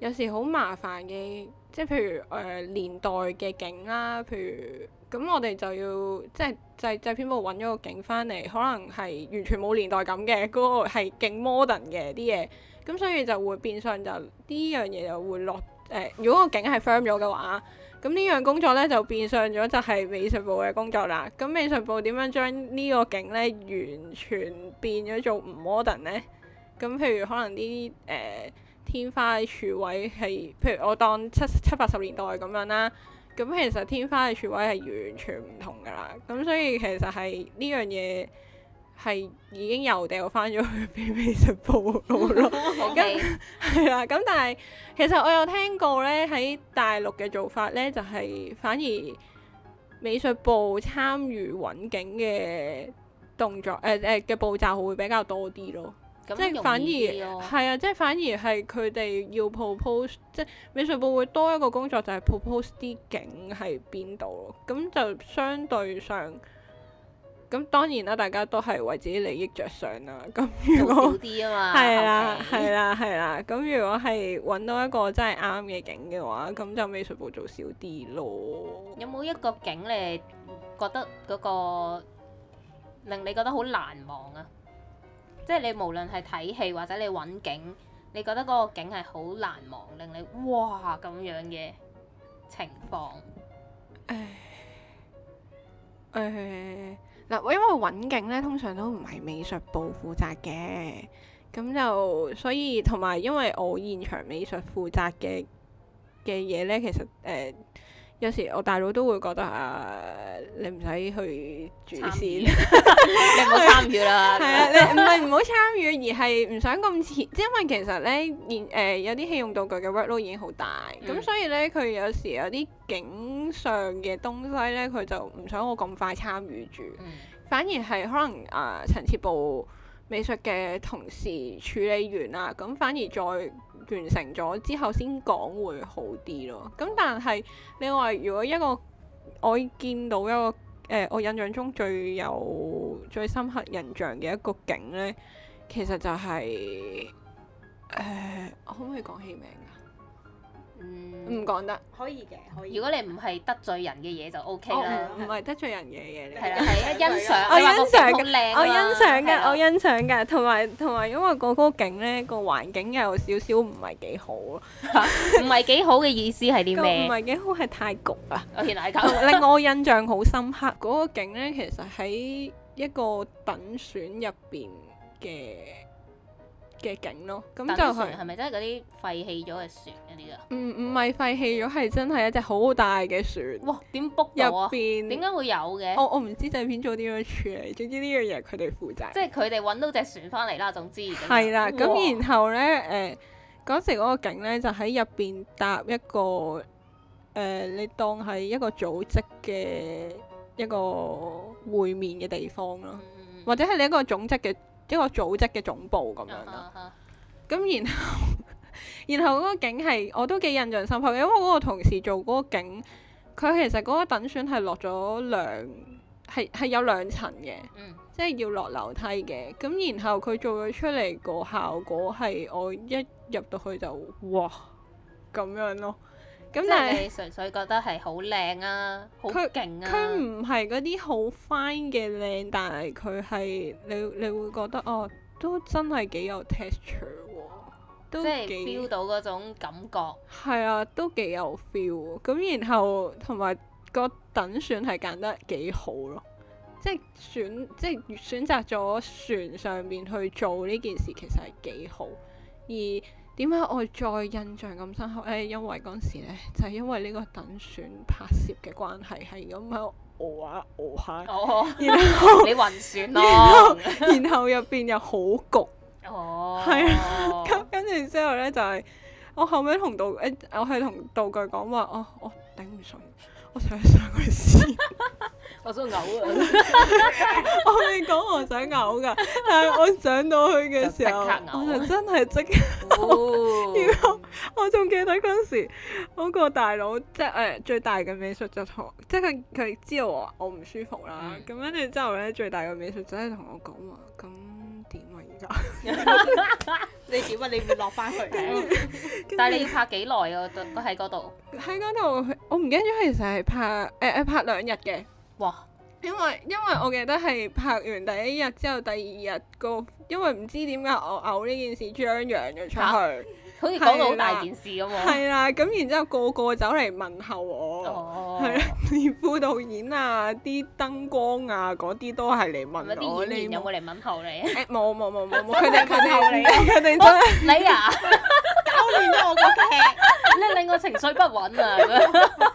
有時好麻煩嘅，即係譬如誒、呃、年代嘅景啦，譬如。咁我哋就要即係製製片部揾咗個景翻嚟，可能係完全冇年代感嘅，嗰、那個係勁 modern 嘅啲嘢。咁所以就會變相就呢樣嘢就會落誒、呃。如果個景係 firm 咗嘅話，咁呢樣工作咧就變相咗就係美術部嘅工作啦。咁美術部點樣將呢個景咧完全變咗做唔 modern 咧？咁譬如可能啲誒、呃、天花柱位係，譬如我當七七八十年代咁樣啦。咁其實天花嘅處位係完全唔同噶啦，咁所以其實係呢樣嘢係已經又掉翻咗去俾美術部咯。咁係啦，咁但係其實我有聽過咧，喺大陸嘅做法咧，就係、是、反而美術部參與揾景嘅動作，誒誒嘅步驟會比較多啲咯。即係反而係啊，啊！即係反而係佢哋要 propose，即係美術部會多一個工作就係 propose 啲景喺邊度咯。咁就相對上，咁當然啦，大家都係為自己利益着想啦。咁如果係啦，係 Okay，啦，係啦，咁如果係搵到一個真係啱嘅景嘅話，咁就美術部做少啲咯。有冇一個景你覺得嗰個令你覺得好難忘啊？即係你無論係睇戲或者你揾景，你覺得嗰個景係好難忘，令你嘩咁樣嘅情況。誒誒，嗱，因為揾景呢，通常都唔係美術部負責嘅，咁就所以同埋因為我現場美術負責嘅嘅嘢呢，其實誒。有時我大佬都會覺得啊，你唔使去住先，你唔好參與啦。係啊， 你唔係唔好參與，而係唔想咁前，即因為其實咧，連、呃、誒有啲戲用道具嘅 workload 已經好大，咁、嗯、所以咧佢有時有啲景上嘅東西咧，佢就唔想我咁快參與住，嗯、反而係可能啊、呃，陳設部美術嘅同事處理完啦，咁反而再。完成咗之後先講會好啲咯，咁但係你話如果一個我見到一個誒、呃、我印象中最有最深刻印象嘅一個景咧，其實就係、是、誒、呃、我可唔可以講戲名？唔唔講得，可以嘅可以。如果你唔係得罪人嘅嘢就 OK 啦。唔係、哦、得罪人嘢嘅嘢。係啊，係啊，欣賞。 我，啊、我欣賞嘅，我欣賞嘅，的我欣賞嘅。同埋同埋，因為嗰個景咧，個環境又有少少唔係幾好咯。唔係幾好嘅意思係點咩？唔係幾好係太焗啊！令我印象好深刻嗰 個景咧，其實喺一個等選入邊嘅。嘅景咯，咁就係係咪真係嗰啲廢棄咗嘅船嗰啲、嗯、啊？唔唔係廢棄咗，係真係一隻好大嘅船。哇！點 book 到啊？入邊點解會有嘅？我我唔知製片組點樣處理，總之呢樣嘢佢哋負責。即係佢哋揾到隻船翻嚟啦，總之。係啦的，咁哇然後咧，誒、呃、嗰時嗰個景咧就喺入邊搭一個誒、呃，你當係一個組織嘅一個會面嘅地方咯，嗯、或者係你一個總職嘅。一個組織嘅總部咁樣啦。咁、uh huh. 那然後， 然後嗰個景係我都幾印象深刻，嘅，因為我個同事做嗰個景，佢其實嗰個等選係落咗兩，係係有兩層嘅，uh huh. 即係要落樓梯嘅。咁然後佢做咗出嚟個效果係，我一入到去就哇咁樣咯。咁但係純粹覺得係好靚啊，好勁啊！佢唔係嗰啲好 fine 嘅靚，但係佢係你你會覺得哦，都真係幾有 texture 喎，都即係 feel 到嗰種感覺。係啊，都幾有 feel 喎！咁然後同埋個等選係揀得幾好咯，即係選即係選擇咗船上邊去做呢件事其實係幾好，而點解我再印象咁深刻咧、哎？因為嗰時咧就係、是、因為呢個等選拍攝嘅關係，係咁喺度熬下熬下，然後你混選然後入邊又好焗，係、oh. 啊，跟跟住之後咧就係、是、我後尾同道誒，我係同道具講話、哦，我我頂唔順，我想上,上去試。 我想嘔啊！我同你講，我想嘔㗎， 但係我上到去嘅時候，就 我就真係即刻嘔。我仲記得嗰時，嗰、嗰個大佬即係誒、欸、最大嘅美術就同，即係佢佢知道我唔舒服啦。咁跟住之後咧，最大嘅美術真係同我講話：，咁點啊？而家你點啊？你唔落翻去 但係你要拍幾耐啊？我喺嗰度，喺嗰度，我唔記得咗其實係拍誒誒、欸、拍兩日嘅。哇！因為因為我記得係拍完第一日之後，第二日個因為唔知點解我嘔呢件事張揚咗出去，啊、好似講到好大件事咁喎。係啦，咁然之後，然後個個走嚟問候我，係啊、哦，副導演啊，啲燈光啊，嗰啲都係嚟問我。啲演員有冇嚟問候你？誒，冇冇冇冇冇。佢哋問候你、啊，佢哋你啊！ 搞亂咗我個劇， 你令我情緒不穩啊！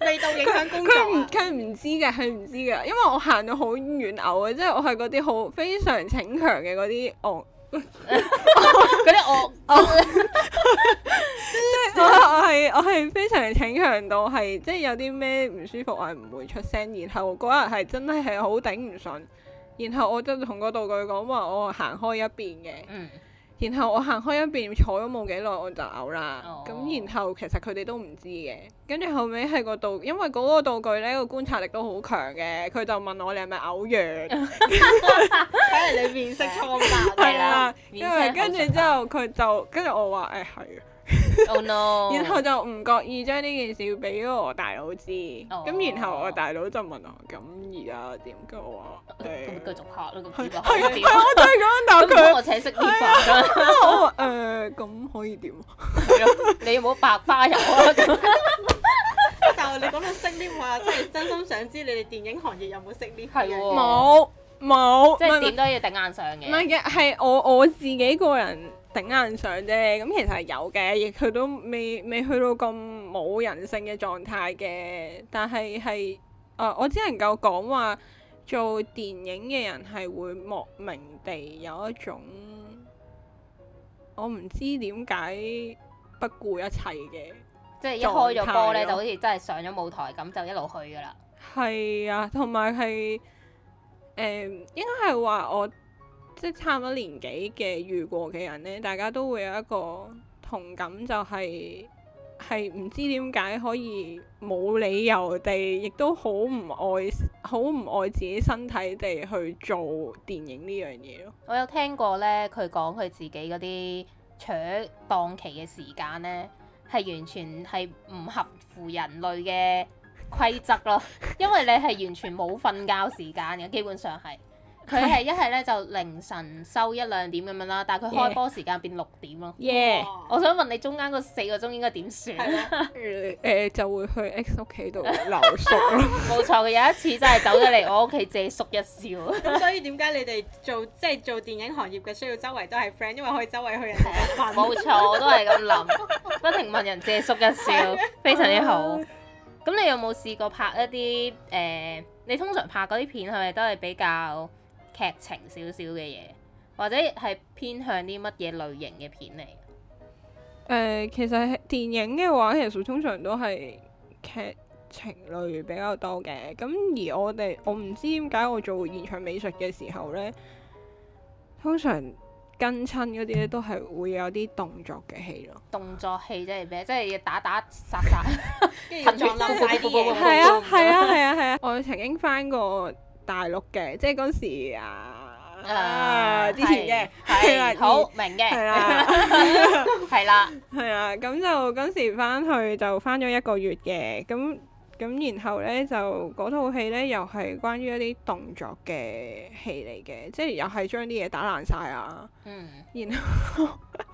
味道影響工作。佢唔知嘅，佢唔知嘅，因為我行到好遠嘔嘅，即係我係嗰啲好非常逞強嘅嗰啲惡嗰啲惡，即係我係我係非常逞強到係，即係有啲咩唔舒服我係唔會出聲，然後嗰日係真係係好頂唔順，然後我就同個道具講話，我行開一邊嘅。嗯然後我行開一邊，坐咗冇幾耐我就嘔啦，咁、oh. 然後其實佢哋都唔知嘅，跟住後尾係個道，因為嗰個道具咧個觀察力都好強嘅，佢就問我，你係咪嘔嘔嘔？睇嚟你面色蒼白，係啦 了，因為跟住之後佢就跟住我話誒係。哎 Oh no！然後就唔覺意將呢件事俾咗我大佬知，咁然後我大佬就問我：「咁而家點？跟我話：咁咪繼續拍咯，咁點啊？係啊，我就係咁樣答佢。我請識啲話，我話：誒，咁可以點，你有冇白花油啊？但係你講到識啲話，真係真心想知你哋電影行業有冇識啲係喎？冇，冇，即係點都要頂硬上嘅。唔係嘅，係我我自己個人。頂硬上啫，咁其實係有嘅，亦佢都未未去到咁冇人性嘅狀態嘅。但係係，啊，我只能夠講話做電影嘅人係會莫名地有一種，我唔知點解不顧一切嘅。即係一開咗波咧，就好似真係上咗舞台咁，就一路去㗎喇。係啊，同埋係誒，應該係話我。即係差唔多年紀嘅遇過嘅人咧，大家都會有一個同感，就是，就係係唔知點解可以冇理由地，亦都好唔愛、好唔愛自己身體地去做電影呢樣嘢咯。我有聽過咧，佢講佢自己嗰啲搶檔期嘅時間咧，係完全係唔合乎人類嘅規則咯，因為你係完全冇瞓覺時間嘅，基本上係。佢係一係咧就凌晨收一兩點咁樣啦，但係佢開波時間變六點咯。耶！Yeah. 我想問你中間嗰四個鐘應該點算？誒、呃，就會去 X 屋企度留宿咯。 冇錯嘅，有一次就係走咗嚟我屋企借宿一宵。咁 所以點解你哋做即係、就是、做電影行業嘅需要周圍都係 friend，因為可以周圍去人哋借宿。冇錯， 我都係咁諗，不停問人借宿一宵，的非常之好。咁、啊、你有冇試過拍一啲誒、呃？你通常拍嗰啲片係咪都係比較？劇情少少嘅嘢，或者係偏向啲乜嘢類型嘅片嚟？誒、呃，其實電影嘅話，其實通常都係劇情類比較多嘅。咁而我哋，我唔知點解我做現場美術嘅時候呢，通常跟親嗰啲咧都係會有啲動作嘅戲咯。動作戲即係咩？即係要打打殺殺，跟住掙掙掙掙。係啊係啊係啊係啊！我曾經翻過,過。大陸嘅，即係嗰時啊，之前嘅，好明嘅，係啦，係啦，係啦，咁就嗰時返去就返咗一個月嘅，咁。咁然後咧就嗰套戲咧又係關於一啲動作嘅戲嚟嘅，即係又係將啲嘢打爛晒啊！嗯，然後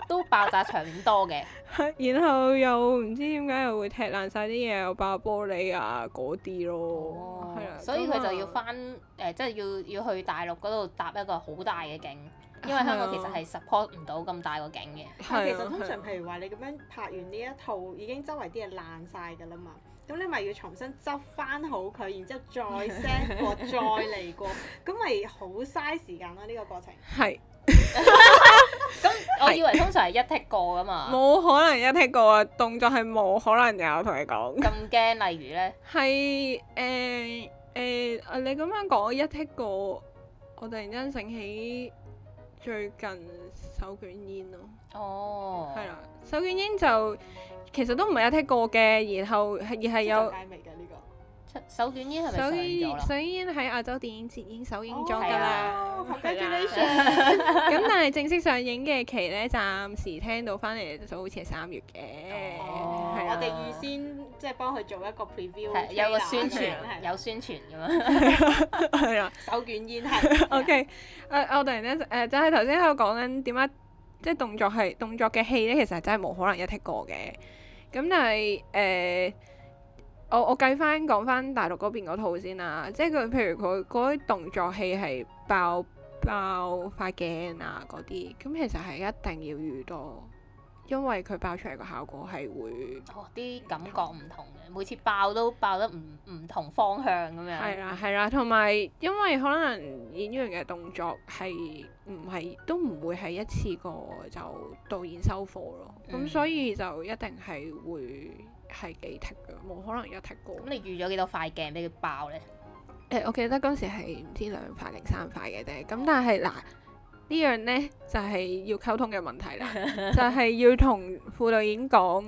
都爆炸場面多嘅。然後又唔知點解又會踢爛晒啲嘢，又爆玻璃啊嗰啲咯。係啊，所以佢就要翻誒，即係要要去大陸嗰度搭一個好大嘅景，因為香港其實係 support 唔到咁大個景嘅。其實通常譬如話你咁樣拍完呢一套，已經周圍啲嘢爛晒㗎啦嘛。t 咁你咪要重新執翻好佢，然之後再 set 過，再嚟過，咁咪好嘥時間咯呢個過程。係。咁我以為通常係一 tick 過噶嘛。冇可能一 tick 過啊！動作係冇可能有，同你講。咁驚？例如咧？係誒誒啊！你咁樣講一 tick 過，我突然之間醒起最近手捲煙咯。哦。係啦，手捲煙就。其實都唔係一 take 過嘅，然後而係有街味嘅呢個。手捲煙係咪上咗啦？手手捲煙喺亞洲電影節已經首映咗㗎啦。咁但係正式上映嘅期咧，暫時聽到翻嚟就好似係三月嘅。我哋預先即係幫佢做一個 preview，有個宣傳，有宣傳咁樣。係啊。手捲煙係。O K，誒，我突然咧誒，就係頭先喺度講緊點解，即係動作係動作嘅戲咧，其實真係冇可能一 take 過嘅。咁但係誒、呃，我我計翻講翻大陸嗰邊嗰套先啦，即係佢譬如佢嗰啲動作戲係爆爆塊鏡啊嗰啲，咁其實係一定要預多，因為佢爆出嚟嘅效果係會，啲、哦、感覺唔同嘅，每次爆都爆得唔唔同方向咁樣。係啦、啊，係啦、啊，同埋因為可能演員嘅動作係唔係都唔會係一次過就導演收貨咯，咁、嗯、所以就一定係會係幾剔㗎，冇可能一剔過。咁你預咗幾多塊鏡畀佢爆呢、欸？我記得嗰陣時係唔知兩塊定三塊嘅啫，咁但係嗱。呢樣呢，就係、是、要溝通嘅問題啦， 就係要同副導演講，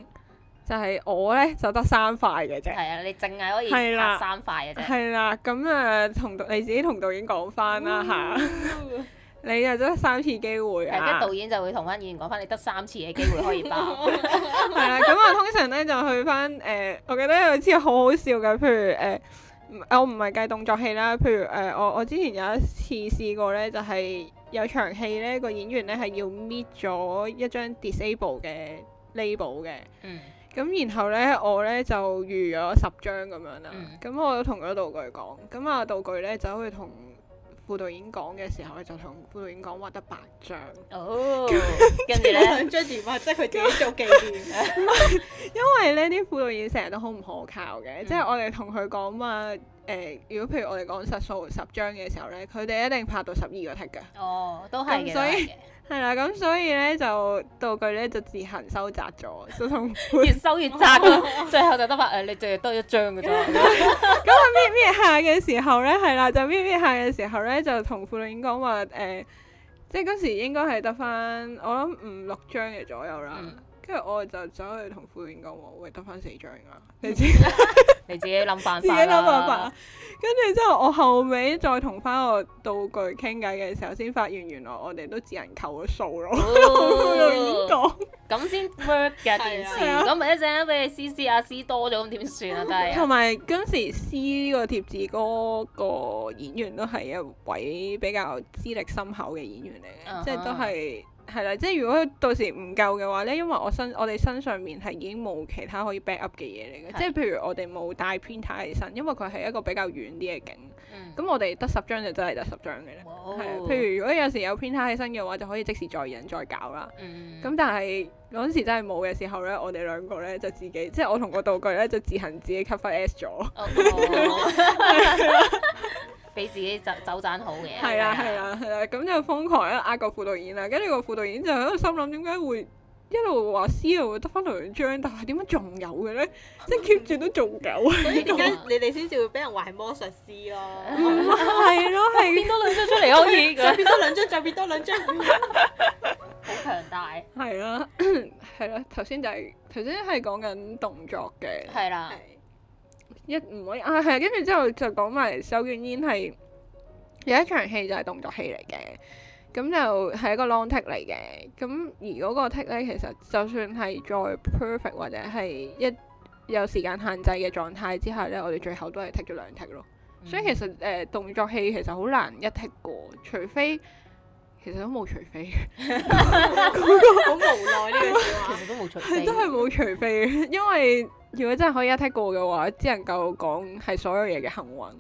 就係、是、我呢就得三塊嘅啫。係啊，你淨係可以拍三塊嘅啫。係啦，咁啊，同你自己同導演講翻啦嚇，哦、 你又得三次機會、啊，跟導演就會同翻演員講翻，你得三次嘅機會可以爆。係啦，咁我通常呢就去翻誒、呃，我記得有一次好好笑嘅，譬如誒、呃，我唔係計動作戲啦，譬如誒，我、呃、我之前有一次試過呢，就係、是。有場戲咧，個演員咧係要搣咗一張 disable 嘅 label 嘅、嗯，咁然後咧我咧就預咗十張咁樣啦。咁、嗯、我都同咗道具講，咁啊道具咧走去同副導演講嘅時候咧，就同副導演講話得八張。哦，跟住咧兩張而話，即係佢自己做紀念。 因為咧啲副導演成日都好唔可靠嘅，即係、嗯、我哋同佢講話。誒，如果譬如我哋講十數十張嘅時候咧，佢哋一定拍到十二個 tick 嘅。哦，都係嘅。所以係啦，咁所以咧就道具咧就自行收窄咗，就同越 收越窄 最後就得翻，誒，你淨係得一張嘅啫。咁咩咩下嘅時候咧，係啦，就咩咩下嘅時候咧，就同副導演講話，誒，即係嗰時應該係得翻我諗五六張嘅左右啦。嗯跟住我就走去同副演講話，會得翻四張㗎！你自己 你自己諗辦法啦。跟住之後,我後我，我了了、哦、 後尾再同翻個道具傾偈嘅時候，先發現原來我哋都只能求個數咯。演講咁先 work 嘅一件咁咪一陣間俾你撕撕下撕多咗，咁點算啊？真係。同埋嗰時撕呢個貼紙嗰個演員都係一位比較資歷深厚嘅演員嚟嘅，uh huh. 即係都係。係啦，即係如果到時唔夠嘅話咧，因為我身我哋身上面係已經冇其他可以 backup 嘅嘢嚟嘅，的即係譬如我哋冇帶 printer 起身，因為佢係一個比較遠啲嘅景，咁、嗯、我哋得十張就真係得十張嘅啦。係啊、哦，譬如如果有時有 printer 起身嘅話，就可以即時再影再搞啦。咁、嗯、但係嗰陣時真係冇嘅時候咧，我哋兩個咧就自己，即係我同個道具咧就自行自己 cover S 咗。俾自己酒走，盞好嘅，係啦係啦係啦，咁、嗯嗯、就瘋狂一嗌個副導演啦，跟住個副導演 就喺度心諗點解會一路話師又得返兩張，但係點解仲有嘅咧？即係 keep 住都仲有，所以點解你哋先至會俾人話係魔術師咯？唔係咯，係變多兩張出嚟可以，再變多兩張就變多兩張，好 強大。係啦係啦，頭先就係頭先係講緊動作嘅，係啦了。一唔可以啊，係跟住之後就講埋手捲煙係有一場戲就係動作戲嚟嘅，咁就係一個 long take 嚟嘅，咁而嗰個 take 咧其實就算係再 perfect 或者係一有時間限制嘅狀態之下咧，我哋最後都係 take 咗兩 take 咯，嗯、所以其實誒、呃、動作戲其實好難一 take 過，除非。其實都冇除非，好無奈呢個。 其實都冇除非，都係冇除非， 除非。因為如果真係可以一 take 過嘅話，只能夠講係所有嘢嘅幸運。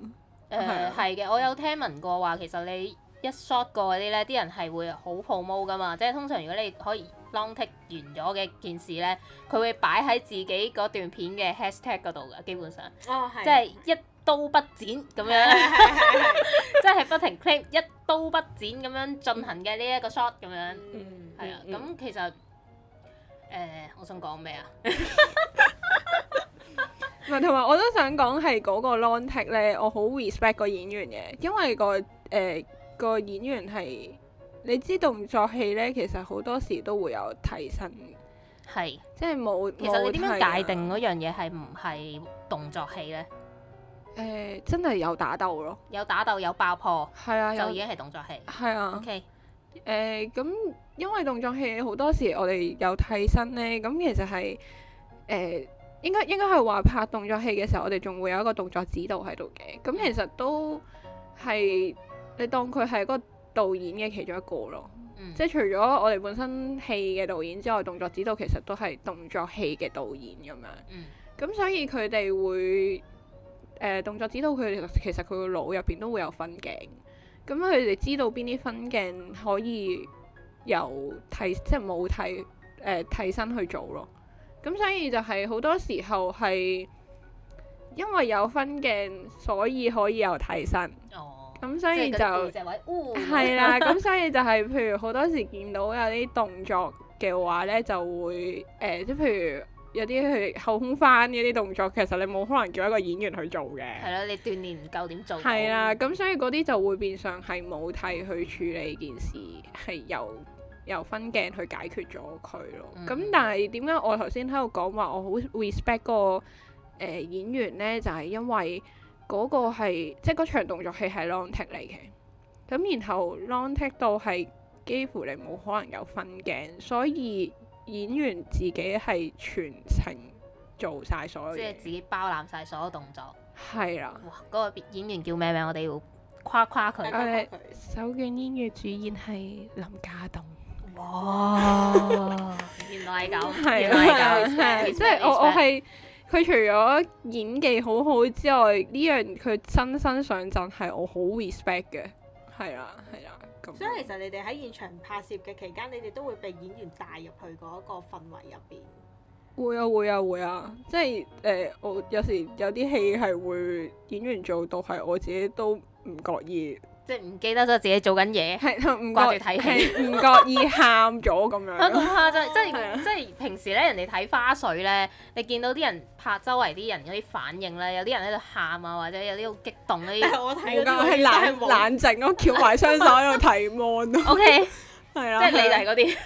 誒，係嘅，我有聽聞過話，其實你一 shot 過嗰啲咧，啲人係會好 promo 噶嘛。即係通常如果你可以 long take 完咗嘅件事咧，佢會擺喺自己嗰段片嘅 hashtag 嗰度噶，基本上。哦，係。即係一。刀不剪咁樣， 即係不停 claim 一刀不剪咁樣進行嘅呢一個 shot 咁樣，係啊。咁、嗯、其實誒、呃，我想講咩啊？唔係， 同埋我都想講係嗰個 long take 咧，我好 respect 個演員嘅，因為、個誒、呃個演員係你知動作戲咧，其實好多時都會有替身，係是即係冇。其實你點樣界定嗰樣嘢係唔係動作戲咧？誒、呃、真係有打鬥咯，有打鬥有爆破，係啊，就已經係動作戲，係啊。OK，誒咁、呃，因為動作戲好多時我哋有替身咧，咁其實係誒、呃、應該應該係話拍動作戲嘅時候，我哋仲會有一個動作指導喺度嘅。咁其實都係你當佢係個導演嘅其中一個咯，嗯、即係除咗我哋本身戲嘅導演之外，動作指導其實都係動作戲嘅導演咁樣。咁、嗯、所以佢哋會。誒、呃、動作指導佢其實佢個腦入邊都會有分鏡，咁佢哋知道邊啲分鏡可以由替即係冇替誒替身去做咯，咁所以就係好多時候係因為有分鏡，所以可以有替身哦。哦，咁啦 所以就係啦，咁所以就係譬如好多時見到有啲動作嘅話咧，就會誒、呃、即係譬如。有啲去後空翻嗰啲動作，其實你冇可能叫一個演員去做嘅。係咯，你鍛鍊唔夠點做？係啦，咁所以嗰啲就會變相係冇替去處理件事，係由由分鏡去解決咗佢咯。咁、嗯、但係點解我頭先喺度講話我好 respect、個誒、呃、演員咧？就係、是、因為嗰個係即係嗰場動作戲係 long take 嚟嘅，咁然後 long take 到係幾乎你冇可能有分鏡，所以。演員自己係全程做晒所有，即係自己包攬晒所有動作。係啦，哇！嗰個演員叫咩名？我哋要誇誇佢。佢《手捲煙》嘅主演係林家棟。哇！原來係咁，原來係咁。即係我我係佢除咗演技好好之外，呢樣佢身身上陣係我好 respect 嘅。係啦，係啦。所以其實你哋喺現場拍攝嘅期間，你哋都會被演員帶入去嗰個氛圍入邊，啊？會啊會啊會啊！即係誒、呃，我有時有啲戲係會演員做到，係我自己都唔覺意。即係唔記得咗自己做緊嘢，係唔掛住睇戲，唔覺意喊咗咁樣。係啊，即係即係平時咧，人哋睇花絮咧，你見到啲人拍周圍啲人嗰啲反應咧，有啲人喺度喊啊，或者有啲好激動嗰啲，我睇嗰啲係冷冷靜咯，翹埋雙手喺度睇望。O K。啊，即係你就係嗰啲，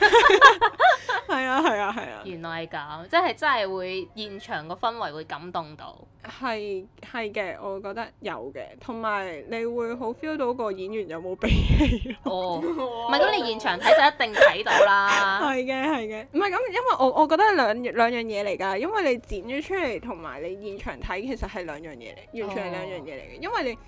係啊係啊係啊！原來係咁，即係真係會現場個氛圍會感動到。係係嘅，我覺得有嘅，同埋你會好 feel 到個演員有冇鼻氣。哦，唔係咁你現場睇就一定睇到啦。 係嘅係嘅，唔係咁，因為我我覺得係兩兩樣嘢嚟㗎，因為你剪咗出嚟同埋你現場睇其實係兩樣嘢嚟，完全係兩樣嘢嚟嘅，哦、因為你。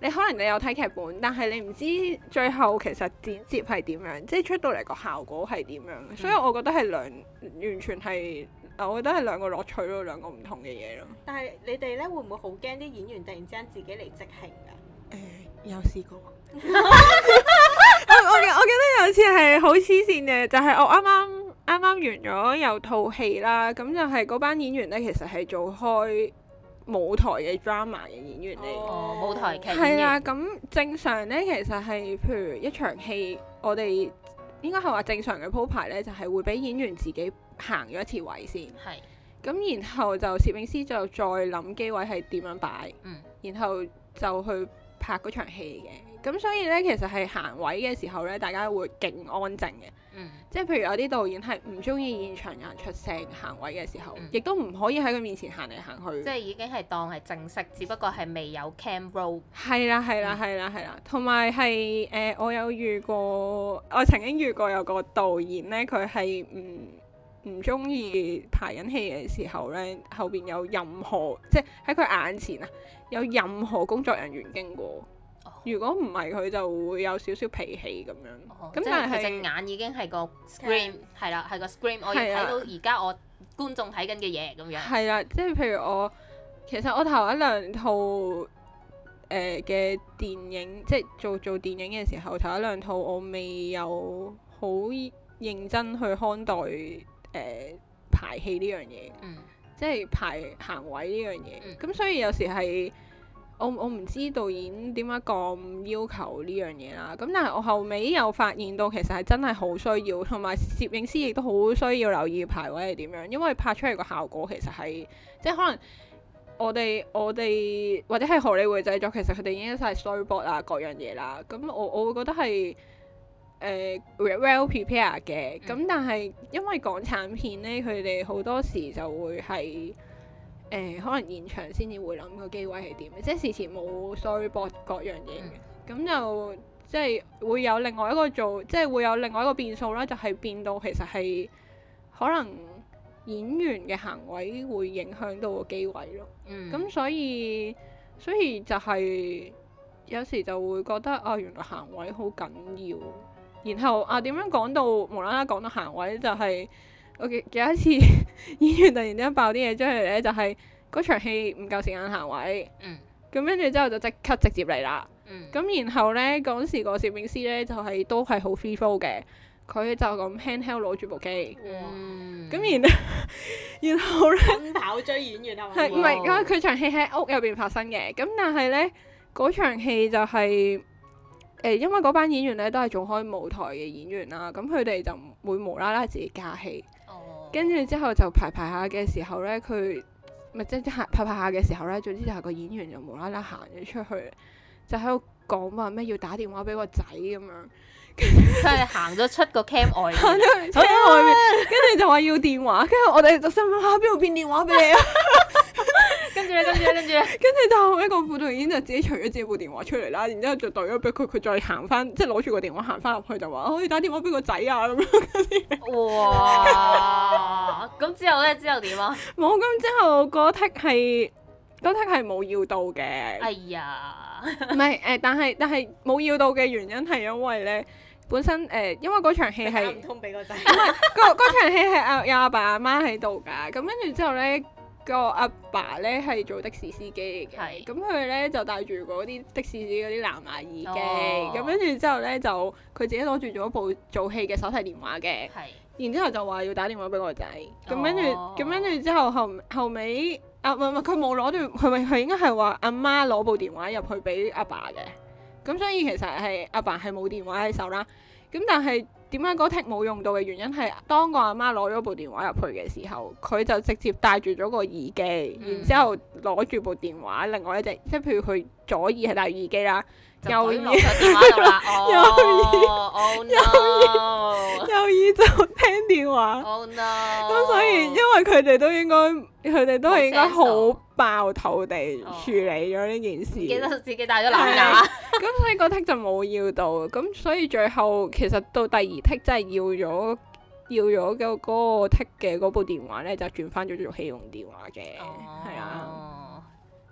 你可能你有睇劇本，但係你唔知最後其實剪接係點樣，即係出到嚟個效果係點樣，嗯、所以我覺得係兩完全係，我覺得係兩個樂趣咯，兩個唔同嘅嘢咯。但係你哋咧會唔會好驚啲演員突然之間自己嚟即興㗎？誒，有試過。我我記得有次係好黐線嘅，就係、係、我啱啱啱啱完咗有套戲啦，咁就係嗰班演員咧，其實係做開舞台嘅 drama 嘅演員嚟、哦，舞台劇嘅係啦。咁正常呢，其實係譬如一場戲，我哋應該係話正常嘅鋪排呢，就係會俾演員自己行咗一次位先。係咁是，然後就攝影師就再諗機位係點樣擺，嗯、然後就去拍嗰場戲嘅。咁所以呢，其實係行位嘅時候呢，大家會勁安靜嘅。嗯，即係譬如有啲導演係唔中意現場有人出聲行位嘅時候，亦、嗯、都唔可以喺佢面前行嚟行去。即係已經係當係正式，只不過係未有 cam roll。係啦係啦係啦係啦，同埋係誒，我有遇過，我曾經遇過有個導演咧，佢係唔唔中意排緊戲嘅時候咧，後邊有任何即係喺佢眼前啊，有任何工作人員經過。如果唔係佢就會有少少脾氣咁樣，咁、哦、但係佢隻眼已經係個 screen，係啦、嗯，係個 screen，我睇到而家我觀眾睇緊嘅嘢咁樣。係啦，即係譬如我，其實我頭一兩套誒嘅、呃、電影，即係做做電影嘅時候，頭一兩套我未有好認真去看待誒、呃、排戲呢樣嘢，嗯、即係排行位呢樣嘢，咁、嗯、所以有時係。我我唔知導演點解咁要求呢樣嘢啦，咁但係我後尾又發現到其實係真係好需要，同埋攝影師亦都好需要留意排位係點樣，因為拍出嚟個效果其實係即係可能我哋我哋或者係荷里活製作，其實佢哋已經一曬 Storyboard 啊各樣嘢啦，咁我我會覺得係誒 real prepare 嘅，咁、呃 well 嗯、但係因為港產片咧，佢哋好多時就會係。誒、呃、可能現場先至會諗個機位係點，即係事前冇 storyboard 各樣嘢嘅，咁、mm. 就即係會有另外一個做，即係會有另外一個變數啦，就係、是、變到其實係可能演員嘅行位會影響到個機位咯。咁、mm. 所以所以就係有時就會覺得啊，原來行位好緊要。然後啊，點樣講到無啦啦講到行位就係、是。我記記有一次演員突然之間爆啲嘢出嚟咧，就係嗰場戲唔夠時間行位，咁跟住之後就即刻直接嚟啦。咁然後咧，嗰時個攝影師咧就係都係好 free 嘅，佢就咁 handheld 攞住部機。咁然，然後咧，奔跑追演員係咪？唔係，因為佢場戲喺屋入邊發生嘅。咁但係咧，嗰場戲就係誒，因為嗰班演員咧都係做開舞台嘅演員啦，咁佢哋就唔會無啦啦自己加戲。跟住之後就排排下嘅時候呢，佢咪即即排排下嘅時候呢。總之就係個演員就無啦啦行咗出去，就喺度講話咩要打電話俾個仔咁樣。佢係行咗出個 camp 外面，外面，跟住、啊、就話要電話，跟住我哋就心諗 啊，邊度變電話俾你啊？ 跟住，跟住，跟住，跟住就一個副導演就自己除咗自己部電話出嚟啦，然之後就代咗俾佢，佢再行翻，即係攞住個電話行翻入去就話可以打電話俾個仔啊咁。跟哇！咁 之後咧，之後點啊？冇，咁之後個 tick 係個 tick 係冇要到嘅。係、哎、呀，唔係誒，但係但係冇要到嘅原因係因為咧。本身誒，呃，因為嗰場戲係唔通俾個仔，唔係嗰，嗰場戲係阿，有阿爸阿媽喺度㗎，咁跟住之後咧，個阿爸咧係做的士司機嚟嘅，咁佢咧就戴住嗰啲的士嗰啲藍牙耳機，咁跟住之後咧就佢自己攞住咗部做戲嘅手提電話嘅，是然之後就話要打電話俾個仔，咁跟住咁跟住之後後後尾啊，唔係唔係佢冇攞住，佢咪係應該係話阿媽攞部電話入去俾阿爸嘅？咁所以其實係阿爸係冇電話喺手啦，咁但係點解嗰 tick 冇用到嘅原因係當個阿媽攞咗部電話入去嘅時候，佢就直接戴住咗個耳機，嗯、然之後攞住部電話，另外一隻即係譬如佢左耳係戴耳機啦。幼兒，幼兒，幼兒，幼兒就聽電話。咁、oh, no. 所以因為佢哋都應該，佢哋都應該好爆頭地處理咗呢件事。Oh. 記得自己戴咗眼鏡。咁對 所以嗰 t 就冇要到，咁所以最後其實到第二剔，真係要咗，要咗嘅嗰個 t 嘅嗰部電話咧就是、轉翻咗做起用電話嘅，係啊、oh.。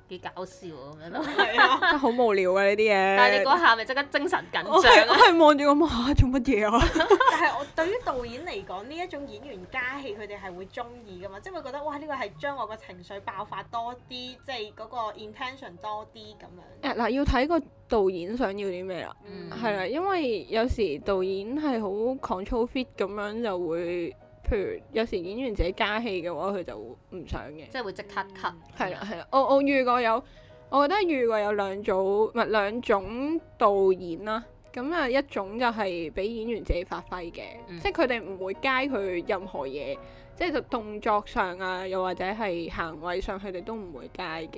幾搞笑咁樣咯，好無聊啊呢啲嘢。但係你嗰下咪即刻精神緊張。我望住個幕，做乜嘢啊？但係我對於導演嚟講，呢一 種演員加戲，佢哋係會中意噶嘛，即係會覺得哇呢個係將我個情緒爆發多啲，即係嗰個 intention 多啲咁樣。誒嗱，要睇個導演想要啲咩啦，嗯，係啦，因為有時導演係好 control fit 咁樣就會。譬如有時演員自己加戲嘅話，佢就唔想嘅，即係會即刻 cut。係啊係啊，我我遇過有，我覺得遇過有兩組唔係兩種導演啦。咁啊，一種就係俾演員自己發揮嘅、嗯，即係佢哋唔會加佢任何嘢，即係就動作上啊，又或者係行為上，佢哋都唔會加嘅。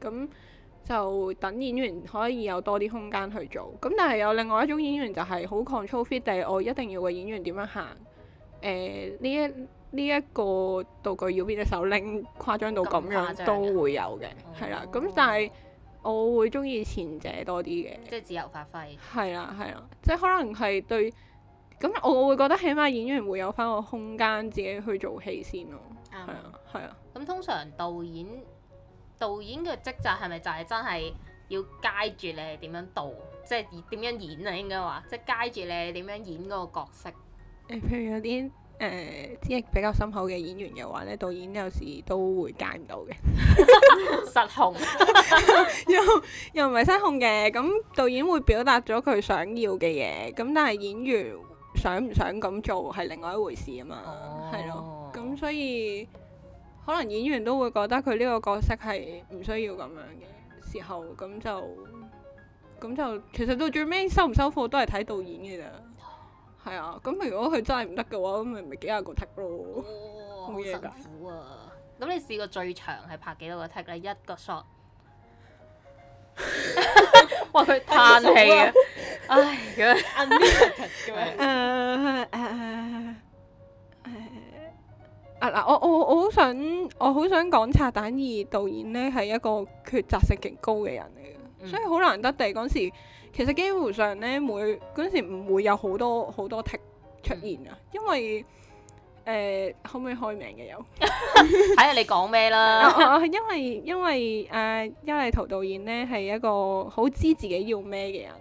咁就等演員可以有多啲空間去做。咁但係有另外一種演員就係好 control fit 地，我一定要個演員點樣行。誒呢、呃、一呢一,一個道具要邊隻手拎，誇張到咁樣都會有嘅，係啦。咁但係我會中意前者多啲嘅，即係自由發揮。係啦係啦，即係、嗯、可能係對咁、嗯，我會覺得起碼演員會有翻個空間自己去做戲先咯。係啊係啊。咁、嗯、的通常導演導演嘅職責係咪就係真係要 guide 住你點樣導，即係點樣演啊？應該話即係 guide 住你點樣演嗰、就是、個角色。譬如有啲知識比較深厚嘅演員嘅話咧，導演有時都會揀唔到嘅，失控 又又唔係失控嘅，咁導演會表達咗佢想要嘅嘢，咁但係演員想唔想咁做係另外一回事啊嘛，係咯、oh.，咁所以可能演員都會覺得佢呢個角色係唔需要咁樣嘅時候，咁就咁就其實到最尾收唔收貨都係睇導演嘅咋。係啊，咁、嗯、如果佢真係唔得嘅話，咁咪咪幾廿個 take 咯，好辛苦啊！咁你試過最長係拍幾多個 take 咧？一個 shot， 哇！佢嘆氣啊，唉咁樣。啊嗱，我我我好想我好想講《拆彈二》導演咧係一個抉擇性極高嘅人嚟嘅，嗯、所以好難得地嗰時。其實基本上咧，每嗰陣時唔會有好多好多剔出現，呃、可可啊，因為誒可唔可以開名嘅又睇下你講咩啦。因為、呃、因為誒邱禮濤導演咧係一個好知自己要咩嘅人，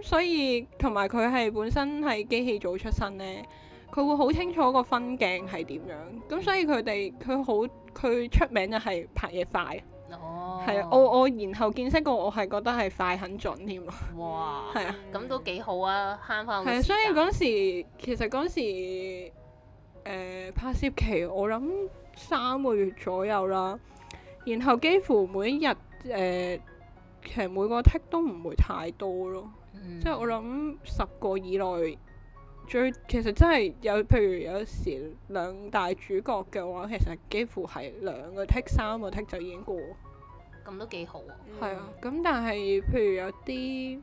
咁所以同埋佢係本身係機器組出身咧，佢會好清楚個分鏡係點樣，咁所以佢哋佢好佢出名就係拍嘢快。係、oh. 啊，我我然後見識過，我係覺得係快很準添。呵呵哇！係啊，咁都幾好啊，慳返。係啊、嗯，所以嗰時其實嗰時誒拍攝期我諗三個月左右啦。然後幾乎每一日誒，其實每個剔都唔會太多咯。即係我諗十個以內。最其實真係有，譬如有時兩大主角嘅話，其實幾乎係兩個 take 三個 take 就已經過。咁都幾好啊！係啊，咁、嗯啊、但係，譬如有啲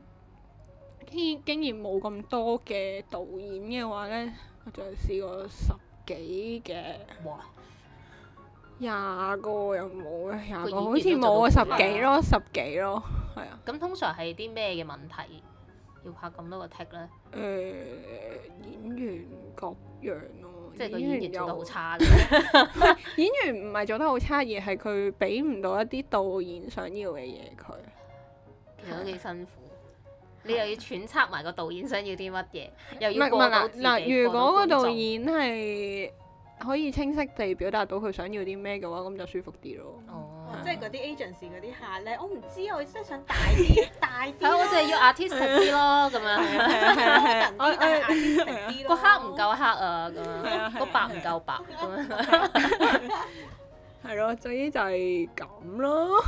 經經驗冇咁多嘅導演嘅話呢，我就試過十幾嘅。哇！廿個又冇咧，廿個好似冇啊，十幾咯，十幾咯，係啊。咁通常係啲咩嘅問題？要拍咁多個 take 咧？誒、呃，演員各樣咯、啊，即係個演員，演員做得好差，嘅。演員唔係做得好差，而係佢俾唔到一啲導演想要嘅嘢，佢其實都幾辛苦。的你又要揣測埋個導演想要啲乜嘢，的又要過到自己。嗱，是如果個導演係可以清晰地表達到佢想要啲咩嘅話，咁就舒服啲咯。哦。即係嗰啲 agency 嗰啲客咧，我唔知，我真係想大啲，大啲。係，我哋要 artist 啲咯，咁樣，等啲，等啲，個黑唔夠黑啊，咁樣，個白唔夠白，咁樣。係咯，最尾就係咁咯。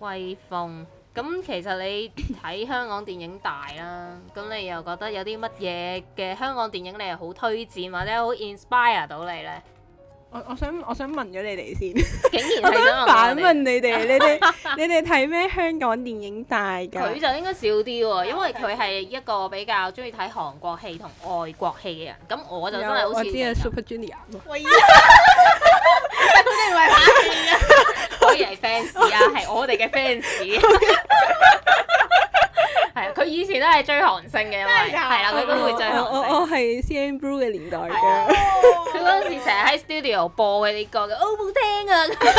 威風。咁其實你睇香港電影大啦，咁你又覺得有啲乜嘢嘅香港電影你係好推薦或者好 inspire 到你咧？我我想我想問咗你哋先，竟然我咁 反問你哋， 你哋你哋睇咩香港電影大噶？佢就應該少啲喎，因為佢係一個比較鍾意睇韓國戲同外國戲嘅人。咁我就真係好似。我知係 Super Junior。你唔係 fans 啊？可以係 fans 啊？係 我哋嘅 fans。 Okay. 係啊，佢 以前都係追韓星嘅，係啦，佢都會追韓星，我我係 C n Blue 嘅年代嘅，佢嗰陣時成日喺 studio 播嗰啲歌嘅，好、oh，好聽啊！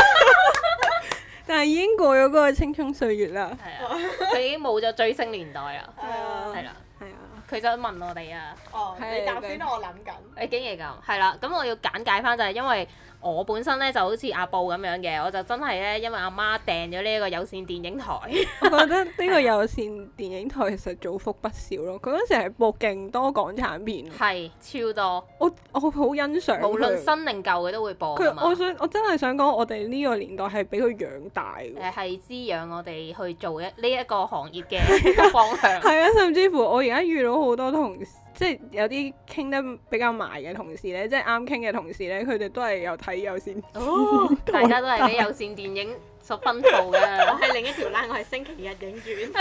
但係已經過咗嗰個青春歲月啦，係啊， 佢已經冇咗追星年代啊，係啦， 係啊，佢就問我哋啊，哦，你頭先我諗緊、嗯，你記住㗎，係啦，咁、嗯啊、我要簡介返就係、是、因為。我本身咧就好似阿布咁樣嘅，我就真係咧，因為阿媽，媽訂咗呢一個有線電影台， 我覺得呢個有線電影台其實造福不少咯。佢嗰陣時係播勁多港產片，係超多。我我好欣賞，無論新定舊嘅都會播。我想我真係想講，我哋呢個年代係俾佢養大，誒係滋養我哋去做一呢一個行業嘅一個方向。係 啊，甚至乎我而家遇到好多同事。即係有啲傾得比較埋嘅同事咧，即係啱傾嘅同事咧，佢哋都係有睇有線，嗯哦、 大家都係畀有線電影所薰陶㗎。 我係另一條 line 我係星期日影院，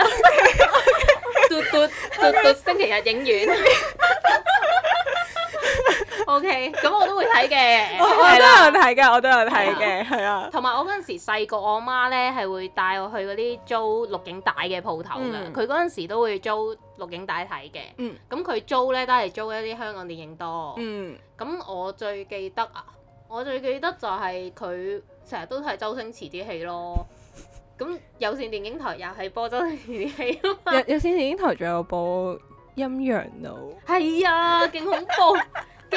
嘟嘟嘟嘟星期日影院。 OK，咁我都會睇嘅，我都有睇嘅，我都有睇嘅，係啊。同埋我嗰陣時細個，我媽咧係會帶我去嗰啲租錄影帶嘅鋪頭嘅。佢嗰陣時都會租錄影帶睇嘅。嗯。咁佢租咧都係租一啲香港電影多。嗯。咁我最記得啊，我最記得就係佢成日都睇周星馳啲戲咯。咁有線電影台又係播周星馳啲戲啊嘛。有有線電影台仲有播《陰陽路》。係啊，勁恐怖！勁驚，勁驚！《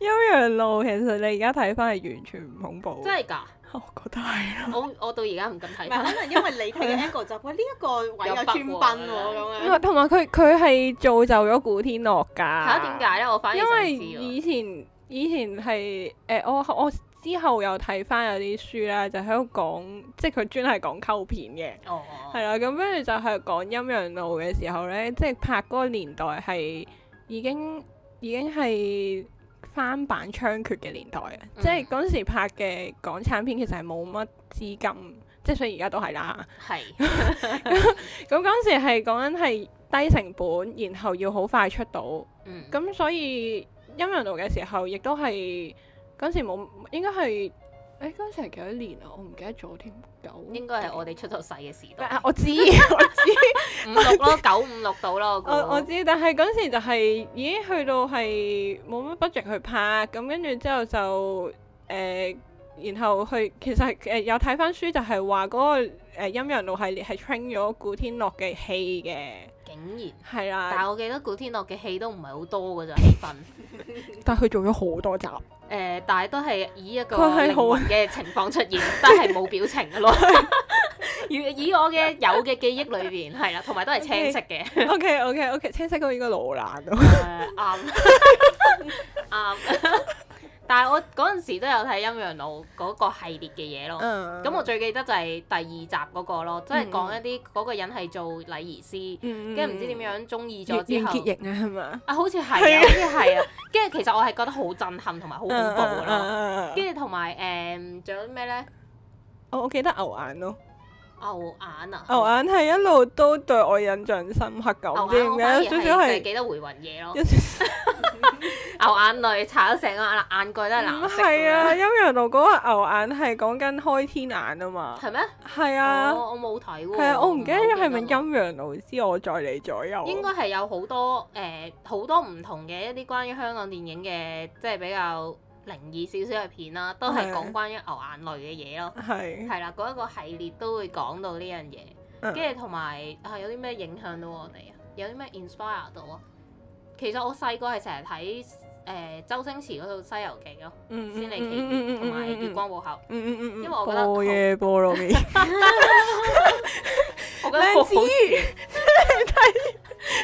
陰陽 路》其實你而家睇翻係完全唔恐怖，真係噶，我覺得係。我我到而家唔敢睇。 可能因為你睇嘅 angle 就喂呢一個位有穿崩喎咁啊。同埋佢佢係造就咗古天樂噶。嚇點解啊？我反而就唔知。因為以前以前係誒、呃，我我之後又睇翻有啲書啦，就喺度講，即係佢專係講溝片嘅。哦哦、oh.。係啦，咁跟住就係講《陰陽路》嘅時候咧，即係拍嗰個年代係。已經已經係翻版猖獗嘅年代啊！嗯、即係嗰陣時拍嘅港產片其實係冇乜資金，即係所以而家都係啦。係，咁嗰陣時係講緊係低成本，然後要好快出到。咁、嗯、所以陰陽路嘅時候，亦都係嗰陣時冇，應該係。誒，嗰、哎、時係幾多年啊？我唔記得咗添，九？應該係我哋出咗世嘅時代。 我知，我知，五六咯，九五六到咯。我我知，但係嗰時就係已經去到係冇乜 budget 去拍，咁跟住之後就誒、呃，然後去其實誒、呃、有睇翻書，就係話嗰個誒陰陽路系列係 train 咗古天樂嘅戲嘅。竟然係啊！但係我記得古天樂嘅戲都唔係好多嗰陣分， 但係佢做咗好多集。誒、呃，但係都係以一個靈魂嘅情況出現， 但係冇表情嘅咯。以 以我嘅有嘅記憶裏邊係啦，同埋 都係青色嘅。Okay, OK OK OK，青色嗰個應該羅蘭咯。啱啱。但係我嗰陣時都有睇《陰陽路》嗰、那個系列嘅嘢咯，咁、uh, 我最記得就係第二集嗰個咯，即、就、係、是、講一啲嗰個人係做禮儀師，跟住唔知點樣中意咗之後，結液啊係咪啊？好似係，好似係是啊，跟住 其實我係覺得好震撼同埋好恐怖咯，跟住同埋誒，仲有啲咩咧？我我記得牛眼咯。牛眼啊！牛眼係一路都對我印象深刻咁嘅，少少係記得回魂嘢咯。牛眼淚擦咗成個眼眼蓋都係藍色。係啊，陰陽路嗰個牛眼係講緊開天眼啊嘛。係咩？係啊。我冇睇喎。係啊，我唔記得係咪陰陽路知我再嚟左右。應該係有好多誒，好多唔同嘅一啲關於香港電影嘅，即係比較。靈異少少嘅片啦，都係講關於牛眼淚嘅嘢咯，係啦，嗰一個系列都會講到呢樣嘢，跟住同埋啊有啲咩影響到我哋啊，有啲咩 inspire 到啊？其實我細個係成日睇誒周星馳嗰套《西遊記》咯，先嚟睇，同埋《月光寶盒》，因為我覺得我覺得好，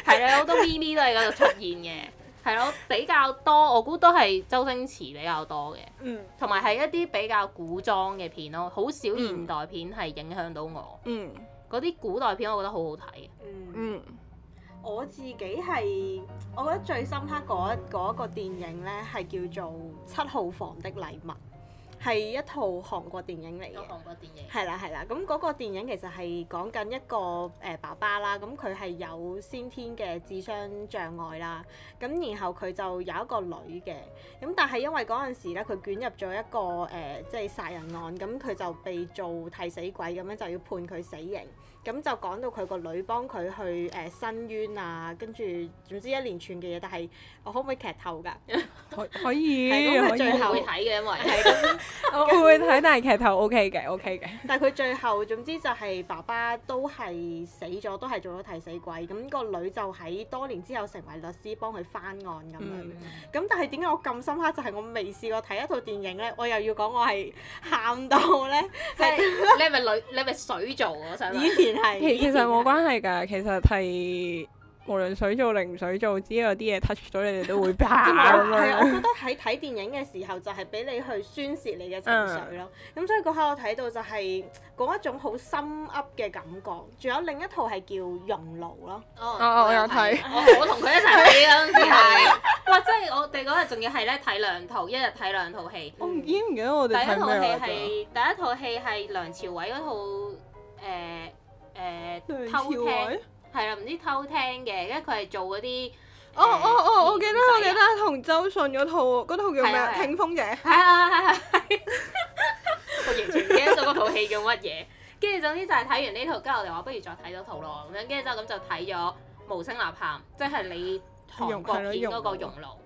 係啦，好多咪咪都喺嗰度出現嘅。係咯， 比較多，我估都係周星馳比較多嘅，同埋係一啲比較古裝嘅片咯，好少現代片係影響到我，嗰啲、mm. 古代片我覺得好好睇、mm. 我自己係我覺得最深刻嗰一嗰一個電影呢，係叫做《七號房的禮物》。係一套韓國電影嚟嘅，韓國電影，係啦係啦，咁嗰個電影其實係講緊一個誒爸爸啦，咁佢係有先天嘅智商障礙啦，咁然後佢就有一個女嘅，咁但係因為嗰陣時咧，佢捲入咗一個誒、呃、即係殺人案，咁佢就被做替死鬼，咁樣就要判佢死刑。咁、嗯、就講到佢個女幫佢去誒、呃、申冤啊，跟住總之一連串嘅嘢，但係我可唔可以劇透㗎？ 可以，最後睇嘅，會因為係咁，嗯、 樣我會睇但係劇透 OK 嘅，OK 嘅。但係佢、okay okay、 最後總之就係爸爸都係死咗，都係做咗替死鬼，咁個女就喺多年之後成為律師幫佢翻案咁樣。咁但係點解我咁深刻？就係、係、我未試過睇一套電影咧，我又要講我係喊到咧。即係、 你係咪女？你係咪水做啊？想以前。 其其實冇關係噶，其實係無論水做、零水做，只要有啲嘢 touch 咗你哋都會爆咁樣。係，我覺得喺睇電影嘅時候，就係俾你去宣洩你嘅情緒咯。咁所以嗰刻我睇到就係嗰一種好心噏嘅感覺。仲有另一套係叫熔爐咯。哦，我有睇。我我同佢一齊睇嗰陣時係，哇！即係我哋嗰日仲要係咧睇兩套，一日睇兩套戲。我唔知唔記得我哋。第一套戲係第一套戲係梁朝偉嗰套誒。誒、呃、偷聽係啦，唔知偷聽嘅，因為佢係做嗰啲哦哦、呃、哦，我記得我哋都係同周迅嗰套，嗰套叫咩？《聽風嘅》？係啊係係，我完全唔記得咗嗰套戲叫乜嘢。跟住總之就係睇完呢套，跟住我哋話不如再睇多套咯咁，跟住之後就咁就睇咗《無聲呐喊》，即、就、係、是、你韓國片嗰個熔爐。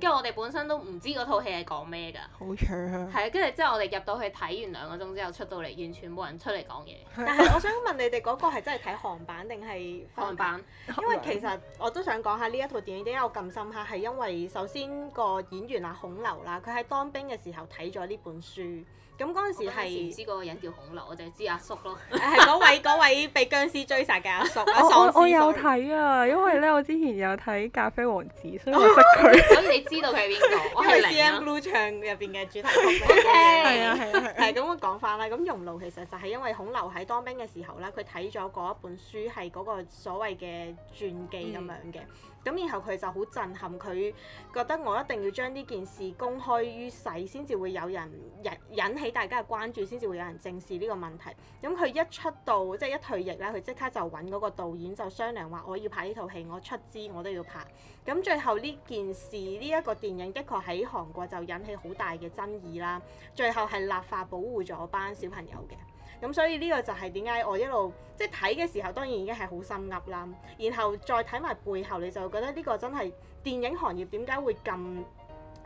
跟住、嗯、我哋本身都唔知嗰套戲係講咩噶，好弱啊！係啊，跟住之後我哋入到去睇完兩個鐘之後出到嚟，完全冇人出嚟講嘢。 但係我想問你哋嗰個係真係睇韓版定係翻版？版，因為其實我都想講下呢一套電影，點解我咁深刻係因為首先個演員阿孔劉啦，佢喺當兵嘅時候睇咗呢本書。咁嗰陣時係唔知嗰個人叫孔劉，我淨係知阿叔咯，係嗰 位嗰位被僵屍追殺嘅阿叔阿喪、 啊、我，我有睇啊，因為咧我之前有睇《咖啡王子》，所以我識佢。咁你知道佢係邊個？我係 CM Blue 唱入邊嘅主題曲。係 Okay 啊係啊係。係咁、啊， 我講翻啦。咁熔爐其實就係因為孔劉喺當兵嘅時候咧，佢睇咗嗰一本書，係嗰個所謂嘅傳記咁樣嘅。嗯咁然後佢就好震撼，佢覺得我一定要將呢件事公開於世，先至會有人引引起大家嘅關注，先至會有人正視呢個問題。咁佢一出道即係一退役咧，佢即刻就揾嗰個導演就商量話：我要拍呢套戲，我出資，我都要拍。咁最後呢件事呢一個電影的確喺韓國就引起好大嘅爭議啦。最後係立法保護咗班小朋友嘅。咁所以呢個就係點解我一路即係睇嘅時候，當然已經係好心噏啦。然後再睇埋背後，你就覺得呢個真係電影行業點解會咁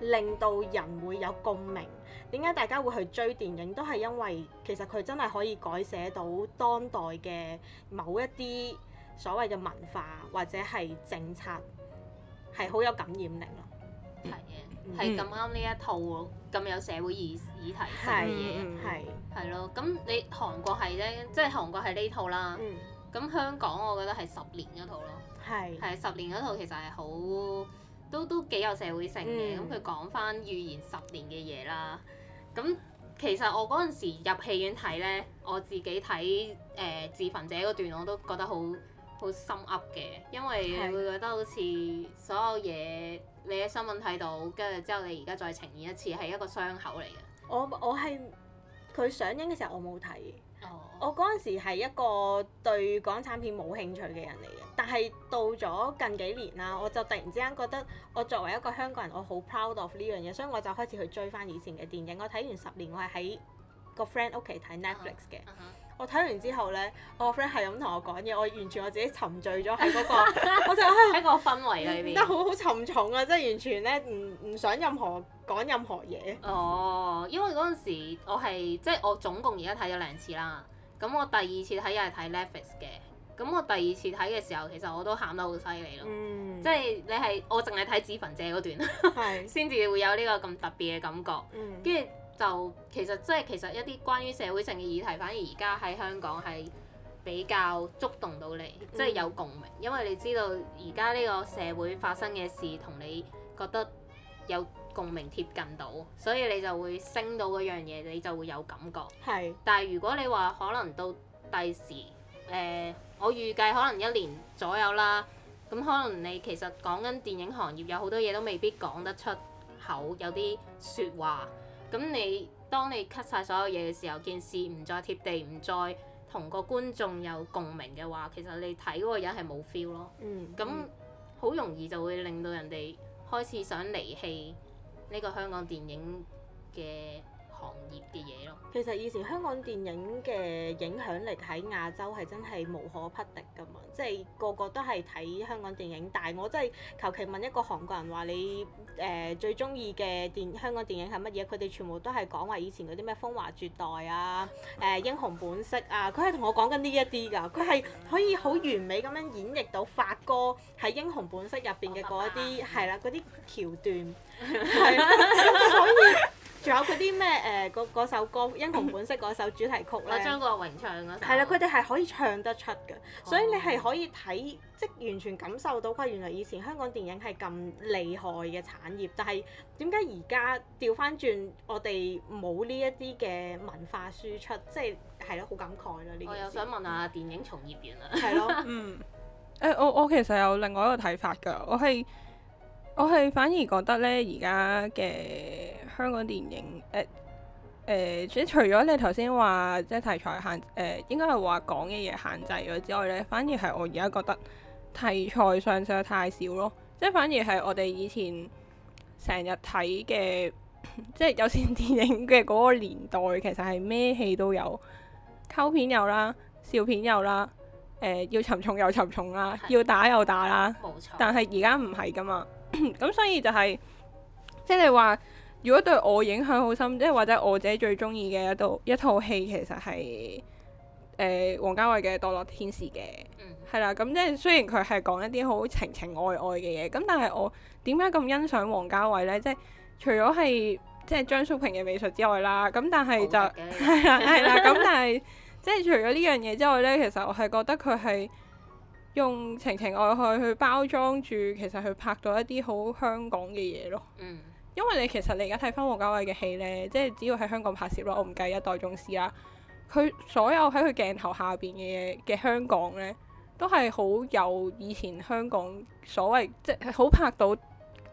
令到人會有共鳴？點解大家會去追電影？都係因為其實佢真係可以改寫到當代嘅某一啲所謂嘅文化或者係政策，係好有感染力咯。係。係咁啱呢一套咁，嗯、有社會議議題性嘅嘢，係係是咯。咁你韓國係咧，即係韓國係呢套啦。咁，嗯、香港我覺得係十年嗰套咯，係係是十年嗰套其實係好都都幾有社會性嘅。咁佢講返預言十年嘅嘢啦。咁其實我嗰陣時入戲院睇咧，我自己睇誒，呃、自焚者嗰段我都覺得好。好深噏嘅，因為你會覺得好似所有嘢你嘅新聞睇到，跟住之後你而家再呈現一次，係一個傷口嚟嘅。我我係佢上映嘅時候我冇睇，oh. 我嗰陣時係一個對港產片冇興趣嘅人嚟嘅，但係到咗近幾年啦，我就突然之間覺得我作為一個香港人，我好 proud of 呢樣嘢，所以我就開始去追翻以前嘅電影。我睇完《十年》我，我係喺個 friend 屋企睇 Netflix 嘅。Huh. Uh huh. 我睇完之後咧，我個 friend 係咁同我講嘢，我完全我自己沉醉咗喺嗰個， 我就喺、啊、 個氛圍裏面，得好好沉重啊！即係完全咧唔唔想任何講任何嘢。哦，因為嗰陣時我係即係我總共而家睇咗兩次啦。咁我第二次睇又係睇 Netflix 嘅，咁我第二次睇嘅時候其實我都喊得好犀利咯。即係、嗯、你係我淨係睇紫芳姐嗰段，先至是 會有呢個咁特別嘅感覺。跟住、嗯。就其實，即係其實一啲關於社會性嘅議題，反而而家喺香港係比較觸動到你，即係、嗯、有共鳴，因為你知道而家呢個社會發生嘅事，同你覺得有共鳴貼近到，所以你就會升到嗰樣嘢，你就會有感覺。係是。但係如果你話可能到第時，誒、呃，我預計可能一年左右啦。咁可能你其實講緊電影行業有好多嘢都未必講得出口，有啲説話。咁你當你 cut 曬所有嘢嘅時候，件事唔再貼地，唔再同個觀眾有共鳴嘅話，其實你睇嗰個人係冇 feel 咯。嗯，咁好咁、嗯、容易就會令到人哋開始想離棄呢個香港電影嘅行業嘅嘢咯，其實以前香港電影嘅影響力喺亞洲係真係無可匹敵㗎嘛，即係個個都係睇香港電影。但係我真係求其問一個韓國人話你誒、呃、最中意嘅電香港電影係乜嘢，佢哋全部都係講話以前嗰啲咩《風華絕代》啊、誒、呃《英雄本色》啊，佢係同我講緊呢一啲㗎。佢係可以好完美咁樣演繹到發哥喺《英雄本色》入邊嘅嗰一啲係啦，嗰啲橋段，係啦，所以。仲有嗰啲咩誒？嗰、呃、首歌《英雄本色》嗰首主題曲咧， 張國榮唱嗰首係啦。佢哋係可以唱得出嘅，所以你係可以睇，oh. 即完全感受到個，原來以前香港電影係咁厲害嘅產業。但係點解而家調翻轉，我哋冇呢一啲嘅文化輸出，即係係咯，好感慨咯呢件事。我又想問，問下電影從業員啦，係咯的， 嗯，誒、欸，我我其實有另外一個睇法㗎，我係我係反而覺得咧，而家嘅。香港電影誒誒、呃呃、除咗你頭先話即係題材限誒、呃、應該係話講嘅嘢限制咗之外咧，反而係我而家覺得題材上實在太少咯。即係反而係我哋以前成日睇嘅即係有線電影嘅嗰個年代，其實係咩戲都有，溝片有啦，笑片有啦，誒、呃、要沉重又沉重啦，的要打又打啦。冇錯。但係而家唔係噶嘛，咁 所以就係、是、即係你話。如果對我影響好深，即係或者我自己最中意嘅一道一套戲，其實係誒王家衛嘅《墮落天使》嘅，係啦、嗯。咁即係雖然佢係講一啲好情情愛愛嘅嘢，咁但係我點解咁欣賞王家衛呢？即係除咗係即係張叔平嘅美術之外啦，咁但係就係啦係啦，咁但係即係除咗呢樣嘢之外呢，其實我係覺得佢係用情情愛愛去包裝住，其實去拍到一啲好香港嘅嘢咯。嗯因為你其實你而家睇翻王家衛嘅戲咧，即係只要喺香港拍攝咯，我唔計《一代宗師》啦，佢所有喺佢鏡頭下邊嘅嘅香港咧，都係好有以前香港所謂即係好拍到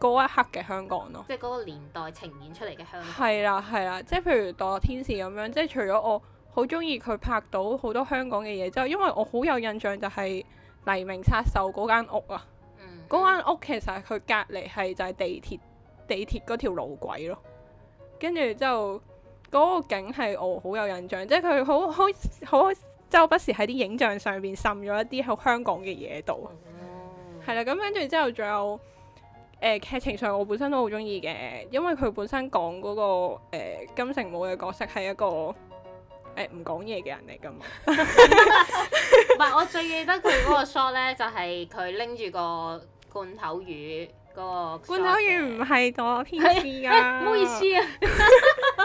嗰一刻嘅香港咯。即係嗰個年代呈現出嚟嘅香港。係啦係啦，即係譬如《墮落天使》咁樣，即係除咗我好中意佢拍到好多香港嘅嘢之後，因為我好有印象就係《黎明殺手》嗰間屋啊，嗰、嗯、間屋其實佢隔離係就係地鐵。地鐵嗰條路軌咯，跟住之後嗰個景係我好有印象，即係佢好好好周不時喺啲影像上邊滲咗一啲好香港嘅嘢度，係啦、嗯。咁跟住之後，仲有誒劇、呃、情上我本身都好中意嘅，因為佢本身講嗰、嗰個誒、呃、金城武嘅角色係一個誒唔講嘢嘅人嚟噶嘛。唔係，我最記得佢嗰個 shot 咧，就係佢拎住個罐頭魚。個罐頭魚唔係個偏使啊！唔好意思啊，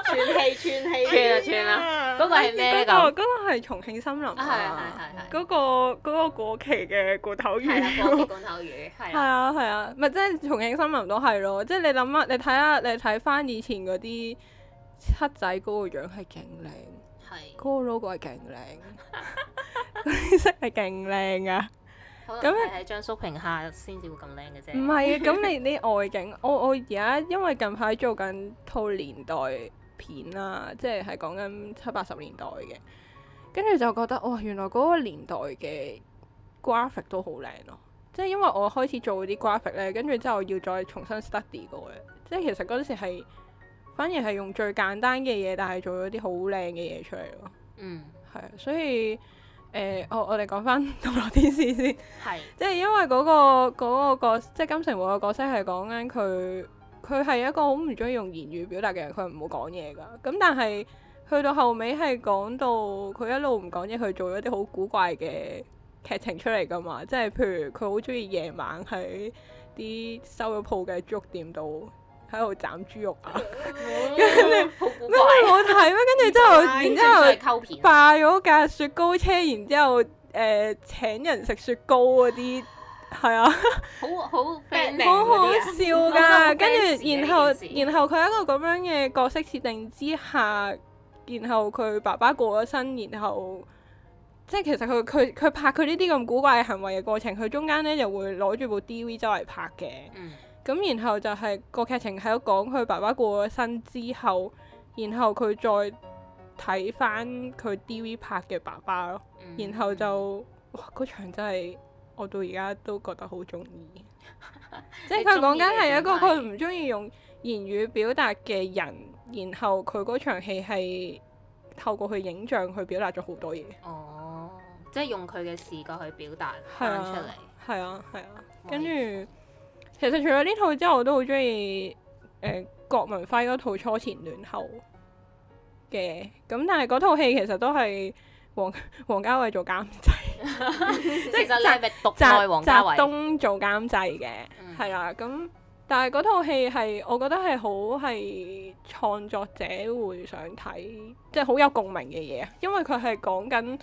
串戲串戲串啊串啊！嗰個係咩咁？嗰個嗰個係重慶森林啊！係係係係。嗰個嗰個過期嘅罐頭魚。過期罐頭魚。係啊係啊，咪即係重慶森林都係咯，即係你諗下，你睇下你睇翻以前嗰啲七仔哥個樣係勁靚，係嗰個 logo 係勁靚，色係勁靚啊！咁係喺張叔平下先至會咁靚嘅啫。唔係 啊，咁你啲外景，我我而家因為近排做緊套年代片啦、啊，即係係講緊七八十年代嘅，跟住就覺得哇、哦，原來嗰個年代嘅 graphic 都好靚咯。即係因為我開始做嗰啲 graphic 咧，跟住之後要再重新 study 過嘅。即係其實嗰陣時係反而係用最簡單嘅嘢，但係做咗啲好靚嘅嘢出嚟咯。嗯，係啊，所以。誒、呃哦，我我哋講翻《墮落天使》先，係是即係因為嗰，那個嗰，那個角色，即係金城武嘅角色係講緊佢，佢係一個好唔中意用言語表達嘅人，佢唔會講嘢噶。咁但係去到後尾係講到佢一路唔講嘢，佢做咗啲好古怪嘅劇情出嚟噶嘛，即係譬如佢好中意夜晚喺啲收咗鋪嘅粥店度。喺度斬豬肉啊！跟住咩好睇咩？跟住 之後，然之後霸咗架雪糕車，然之後誒、呃、請人食雪糕嗰啲係啊， 好好 好好笑噶！跟住 然後然後佢喺一個咁樣嘅角色設定之下，然後佢爸爸過咗身，然後即係其實佢佢佢拍佢呢啲咁古怪嘅行為嘅過程，佢中間咧就會攞住部 D V 周圍拍嘅。嗯咁然後就係個劇情喺度講佢爸爸過咗身之後，然後佢再睇返佢 DV 拍嘅爸爸咯。嗯、然後就哇，嗰場真係我到而家都覺得好鍾意。 即係佢講緊係一個佢唔鍾意用言語表達嘅人，然後佢嗰場戲係透過佢影像去表達咗好多嘢。哦，即係用佢嘅視覺去表達返出嚟。係 啊，係來啊，跟住、啊。我也 其實除咗呢套之後，我都好中意誒郭文輝嗰套《初前戀後》嘅，咁但係嗰套戲其實都係王王家衞做監製， 即係澤澤東做監製嘅，係啦、嗯。咁但係嗰套戲係我覺得係好係創作者會想睇，即係好有共鳴嘅嘢，因為佢係講緊誒。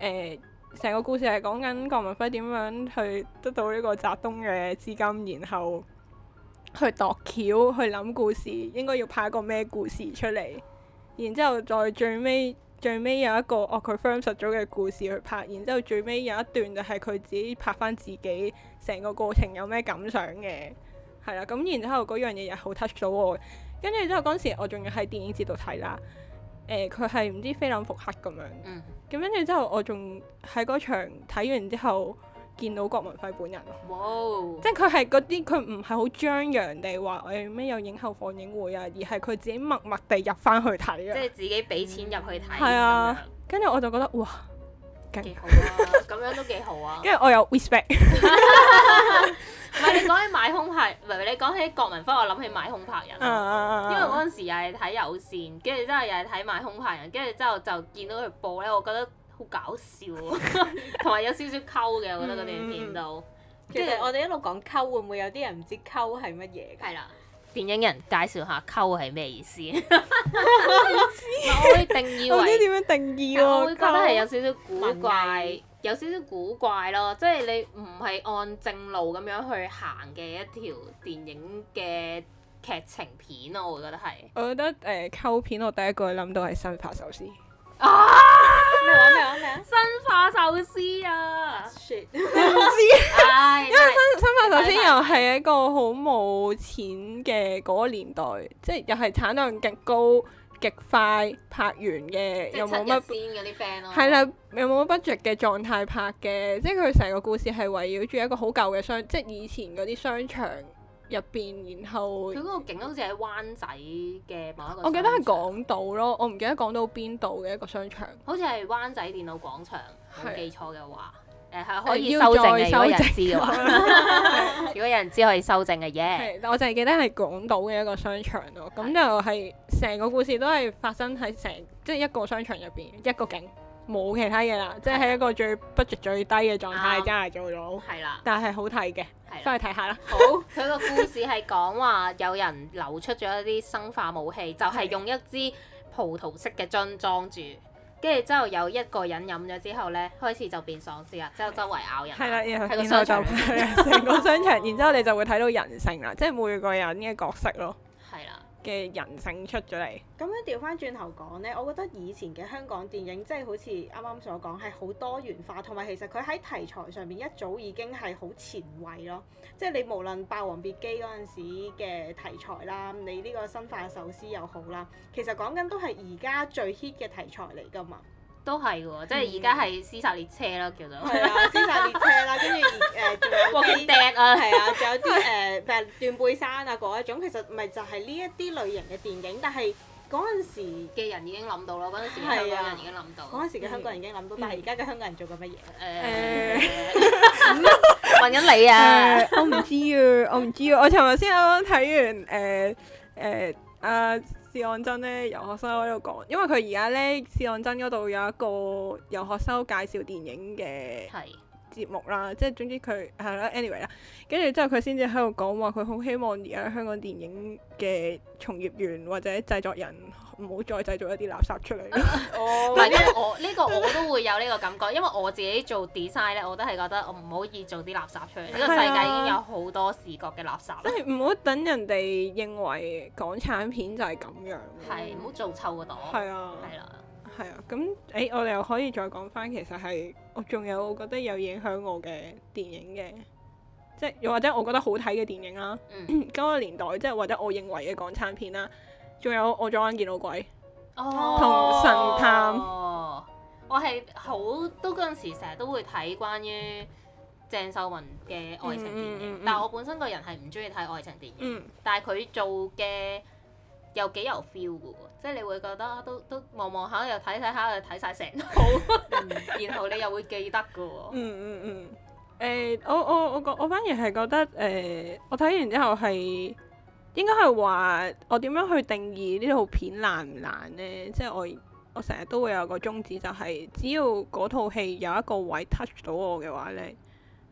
呃成個故事係講緊郭文輝點樣去得到呢個澤東嘅資金，然後去度橋，去諗故事應該要拍一個咩故事出嚟，然之後再最尾最尾有一個哦佢 firm 實咗嘅故事去拍，然之後最尾有一段就係佢自己拍翻自己成個過程有咩感想嘅，係啦，咁然之後嗰樣嘢又好 touch 到我，跟住之後嗰時我仲要喺電影節度睇啦，誒佢係唔知菲林復刻咁樣。嗯咁跟住之後，我仲喺嗰場睇完之後，見到郭文輝本人。冇 Wow.，即係佢係嗰啲，佢唔係好張揚地話誒咩有影後放映會啊，而係佢自己默默地入翻去睇啊。即係自己俾錢入去睇。係啊，跟住我就覺得哇，幾、嗯、好啊！咁 樣都幾好啊。跟住我有 respect。 唔係你講起買空拍，唔係你講起郭民輝，我諗起買空拍人，uh, uh, uh, 因為嗰陣時又係睇有線，跟住之後又係睇買空拍人，跟住之後就見到佢播咧，我覺得好搞笑，同埋 有少少溝嘅，我覺得佢哋見到，跟住、嗯、我哋一路講溝，會唔會有啲人唔知溝係乜嘢？係啦，電影人介紹下溝係咩意思？唔知，我可以定義為，唔知點樣定義、啊，我會覺得係有少少古怪。有少少古怪咯，即係你唔係按正路咁樣去行嘅一條電影嘅劇情片咯，我覺得係。我覺得誒、呃、溝片，我第一個諗到係生化壽司。啊！咩咩咩啊！生化 壽司啊 s！shit！ 因為生生化壽司又係一個好冇錢嘅嗰個年代，即係又係產量極高。極快拍完嘅，又冇乜，啲 friend 咯係啦，又冇乜 budget 嘅狀態拍嘅，即係佢成個故事係圍繞住一個好舊嘅商，即係以前嗰啲商場入邊，然後佢嗰個景好似喺灣仔嘅某一個，我記得係港島咯，我唔記得港島邊度嘅一個商場，商場好似係灣仔電腦廣場，冇記錯嘅話。係可以修正嘅，如果如果有人知， 有人知可以修正嘅，嘢、yeah.，我淨係記得係港島嘅一個商場咯，咁的就係成個故事都係發生喺成即係一個商場入邊一個景，冇其他嘢啦，的即係喺一個最 budget 最低嘅狀態真係做到，係啦。但係好睇嘅，係翻去睇下啦。好，佢個 故事係講話有人流出咗一啲生化武器，的就係用一支葡萄色嘅樽裝住。跟住之後有一個人飲咗之後咧，開始就變喪屍啦！之後周圍咬人，係啦，然後然後，然後就成 個商場， 然之後你就會睇到人性啦，即係每個人嘅角色咯。嘅人性出咗嚟。咁樣調翻轉頭講呢，我覺得以前嘅香港電影即係、就是、好似啱啱所講係好多元化，同埋其實佢喺題材上面一早已經係好前衛咯。即係你無論《霸王別姬》嗰陣時嘅題材啦，你呢個《生化壽司》又好啦，其實講緊都係而家最 hit 嘅題材嚟㗎嘛。都係喎，即係而家係廝殺列車啦叫做，廝殺列車啦，跟住誒仲有搏啊，係啊，仲有啲誒，唔係斷背山啊嗰一種，其實咪就係呢一啲類型嘅電影，但係嗰陣時嘅人已經諗到啦，嗰陣時嘅香港人已經諗到，嗰陣時嘅香港人已經諗到，但係而家嘅香港人做過乜嘢？誒問緊你啊！我唔知啊，我唔知啊，我尋日先啱啱睇完誒誒阿。試當真咧，游學修喺度講，因為佢而家咧試當真嗰度有一個游學修介紹電影嘅節目啦，是即係總之佢係啦，anyway 啦，跟住之後，佢先至喺度講話，佢好希望而家香港電影嘅從業員或者製作人。唔好再製造一啲垃圾出嚟。哦，嗱呢我呢個我都會有呢個感覺，因為我自己做 design 咧，我都係覺得我唔可以做啲垃圾出嚟。呢個世界已經有好多視覺嘅垃圾。即係唔好等人哋認為港產片就係咁樣。係唔好做臭個檔。係啊。係啦。係啊，咁誒，我哋又可以再講翻，其實係我仲有覺得有影響我嘅電影嘅，即係又或者我覺得好睇嘅電影啦，嗰個年代即係或者我認為嘅港產片啦。仲有我左眼見到鬼，哦、同神探。我係好都嗰陣時，成日都會睇關於鄭秀文嘅愛情電影。嗯嗯嗯、但係我本身個人係唔中意睇愛情電影，嗯、但係佢做嘅又幾有 feel 嘅喎，即、就、係、是、你會覺得都都望望下又睇睇下，又睇晒成套， 然後你又會記得嘅喎、嗯。嗯嗯嗯。誒、uh，我我我覺我反而係覺得誒，uh，我睇完之後係。應該係話我點樣去定義呢套片爛唔爛呢？即係我我成日都會有個宗旨，就係、係、只要嗰套戲有一個位 touch 到我嘅話呢，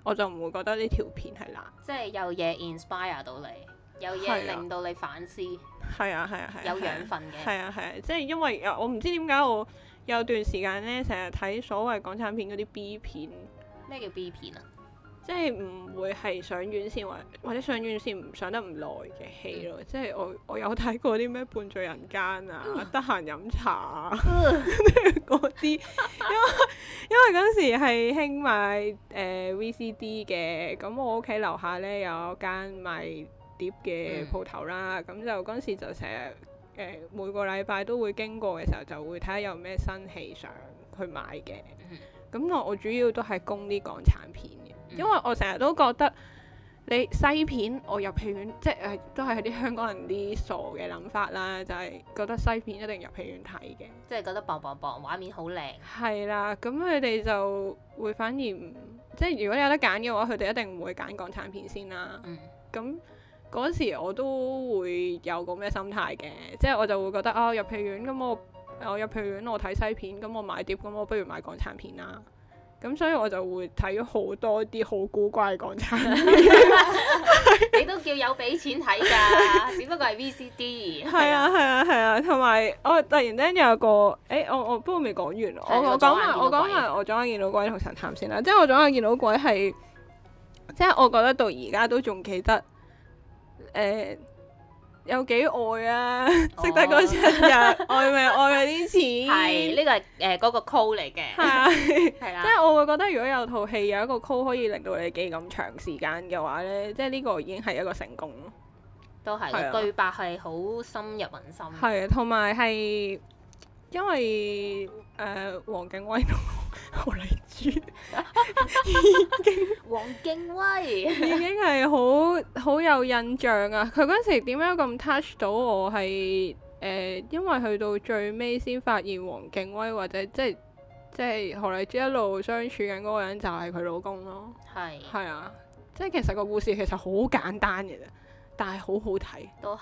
我就唔會覺得呢條片係爛。即係有嘢 inspire 到你，有嘢令到你反思。係啊係啊係。有養分嘅。係啊係啊，啊，啊，啊，啊，啊，即係因為我唔知點解我有段時間呢，成日睇所謂港產片嗰啲 B 片。咩叫 B 片啊？即係唔會係上院線或或者上院線唔上得唔耐嘅戲咯。嗯、即係我我有睇過啲咩《半醉人間》啊，得閒、嗯、飲茶嗰、啊、啲、嗯。 因為因為嗰時係興買誒 VCD 嘅，咁、呃、我屋企樓下咧有一間賣碟嘅鋪頭啦。咁、嗯、就嗰時就成日誒每個禮拜都會經過嘅時候，就會睇下有咩新戲上去買嘅。咁我、嗯、我主要都係供啲港產片嘅。因為我成日都覺得，你西片我入戲院，即係都係啲香港人啲傻嘅諗法啦，就係、是、覺得西片一定入戲院睇嘅，即係覺得棒棒棒，畫面好靚。係啦，咁佢哋就會反而唔，即係如果有得揀嘅話，佢哋一定唔會揀港產片先啦。咁嗰、嗯、時我都會有個咩心態嘅，即係我就會覺得啊，入戲院咁我我、啊、入戲院我睇西片，咁我買碟咁我不如買港產片啦。咁所以我就會睇好多啲好古怪嘅港產，你都叫有俾錢睇㗎， 只不過係 VCD。 係啊係啊係啊，同埋我突然間有個，誒我我不過未講完，我， 啊、我講埋我講埋我早後見到鬼同神探先啦，即係我早後見到鬼係，即係我覺得到而家都仲記得，誒、呃。有幾愛啊！識、oh. 得嗰陣就愛咪愛嗰啲錢。係呢、 呢個誒嗰、呃嗰個 call 嚟嘅。係 對。係 啦。即係我會覺得，如果有套戲有一個 call 可以令到你記咁長時間嘅話咧，即係呢個已經係一個成功。都係。對啦白係好深入民心。係啊，同埋係因為。嗯誒黃、uh, 王敬威同何麗珠已經黃敬威已經係好好有印象啊！佢嗰時點樣咁 touch 到我係誒、呃，因為去到最尾先發現黃敬威或者即係即係何麗珠一路相處緊嗰個人就係佢老公咯。係係是啊，即係其實個故事其實好簡單嘅，但係好好睇。都係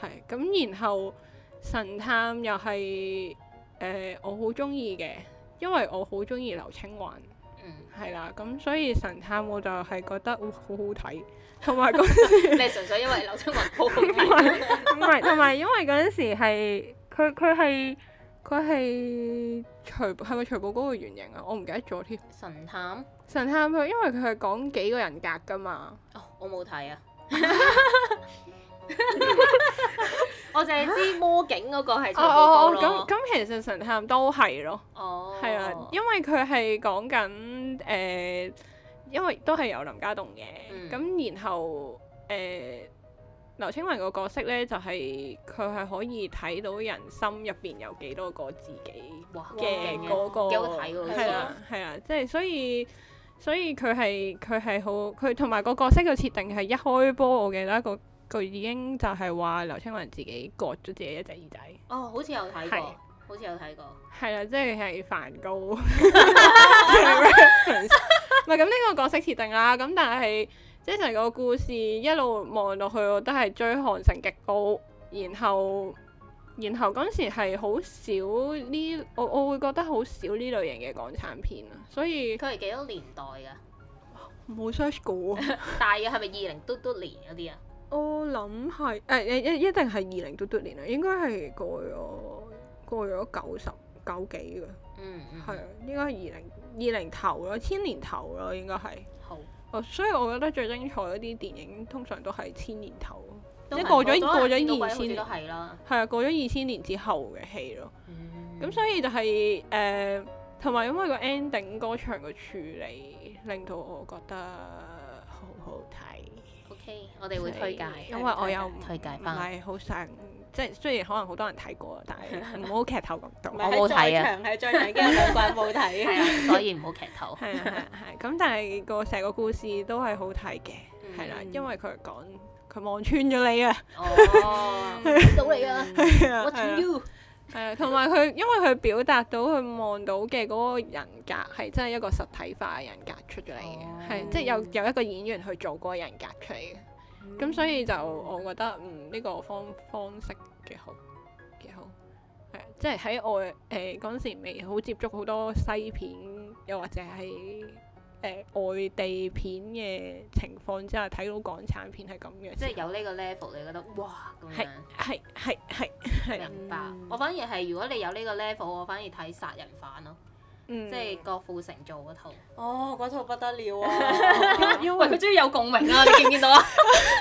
係咁，然後神探又係。誒、呃，我好中意嘅，因為我好中意劉青雲，嗯，係啦，咁所以神探我就係覺得、哦、好好睇，同埋嗰陣時，你係純粹因為劉青雲好紅，唔係，唔係，同埋因為嗰陣時係佢佢係佢係徐係咪徐步高嘅原型啊？我唔記得咗添。神探神探佢因為佢係講幾個人格㗎嘛。哦，我冇睇啊。 我淨係知魔警嗰個係，哦，哦，咁咁其實神探都係咯。哦，係啊，oh oh, 嗯嗯、因為佢係講緊誒、呃，因為都係有林家棟嘅。咁、嗯嗯、然後誒，劉青雲個角色咧，就係佢係可以睇到人心入邊有幾多個自己嘅嗰個。幾好睇㗎，係啊係啊，即係所以所以佢係佢係好佢同埋個角色嘅設定係一開波我記得一，嗰個。佢已經就係話劉青雲自己割咗自己一隻耳仔。哦，好似有睇過，好似有睇過。係啦，即係係梵高。唔係，咁呢個角色設定啦，咁但係即係成個故事一路望落去，我覺得係追韓成極高，然後然後嗰陣時係好少呢，我我會覺得好少呢類型嘅港產片啊，所以佢係幾多年代噶？冇 search 過啊！大約係咪二零嘟嘟年嗰啲啊？我諗係誒誒一一定係二零嘟嘟年啦，應該係過咗過咗九十九幾嘅，嗯，係應該係二零二零頭咯，千年頭咯應該係好哦，所以我覺得最精彩嗰啲電影通常都係千年頭，是即係過咗過咗二千年都係啦，係啊，過咗二千年之後嘅戲咯，咁、嗯、所以就係誒同埋因為個 ending 歌唱嘅處理，令到我覺得好好睇。我哋會推介，因為我有推介翻，唔係好想即係雖然可能好多人睇過，但係唔好劇透咁多。我冇睇啊，係最長，係最長嘅兩季冇睇啊，所以唔好劇透。係啊係，咁但係個成個故事都係好睇嘅，係啦，因為佢講佢望穿咗你啊，哦，到你啊，What do you? 係啊，同埋佢因為佢表達到佢望到嘅嗰個人格係真係一個實體化嘅人格出咗嚟嘅，係即係有有一個演員去做嗰個人格出嚟嘅，咁、mm. 所以就我覺得嗯，呢個方方式幾好幾好，係即係喺我誒嗰陣時未好接觸好多西片，又或者係。誒、呃、外地片嘅情況之下，睇到港產片係咁嘅，即係有呢個 level，你覺得，哇，咁樣？係，係，係，係，明白。嗯、我反而係，如果你有呢個 level，我反而睇殺人犯咯。即係郭富城做嗰套，哦，嗰套不得了啊！因為，佢終於有共鳴啦！你見唔見到啊？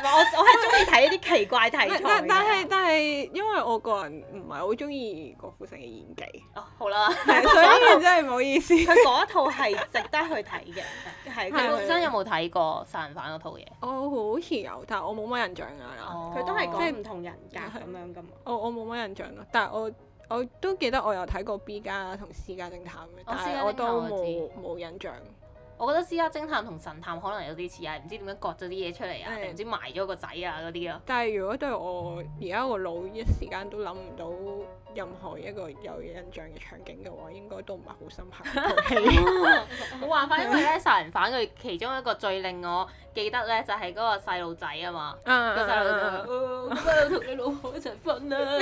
我，我係中意睇啲奇怪題材，但但係但係，因為我個人唔係好中意郭富城嘅演技。哦，好啦，所以真係唔好意思。佢嗰套係值得去睇嘅，佢本身有冇睇過殺人犯嗰套嘢？哦，好似有，但係我冇乜印象㗎啦。佢都係講唔同人格咁樣㗎嘛。我我冇乜印象咯，但係我。我都記得我有睇過 B 家同私家偵探嘅，但係我都冇冇印象。我覺得私家偵探同神探可能有啲似啊，唔知點樣割咗啲嘢出嚟啊，唔知埋咗個仔啊嗰啲啊。但係如果都係我而家個腦一時間都諗唔到任何一個有印象嘅場景嘅話，應該都唔係好深刻套戲。冇辦法，因為咧殺人犯佢其中一個最令我記得咧，就係嗰個細路仔啊嘛。個細路仔啊，今晚我同你老婆一齊瞓啦。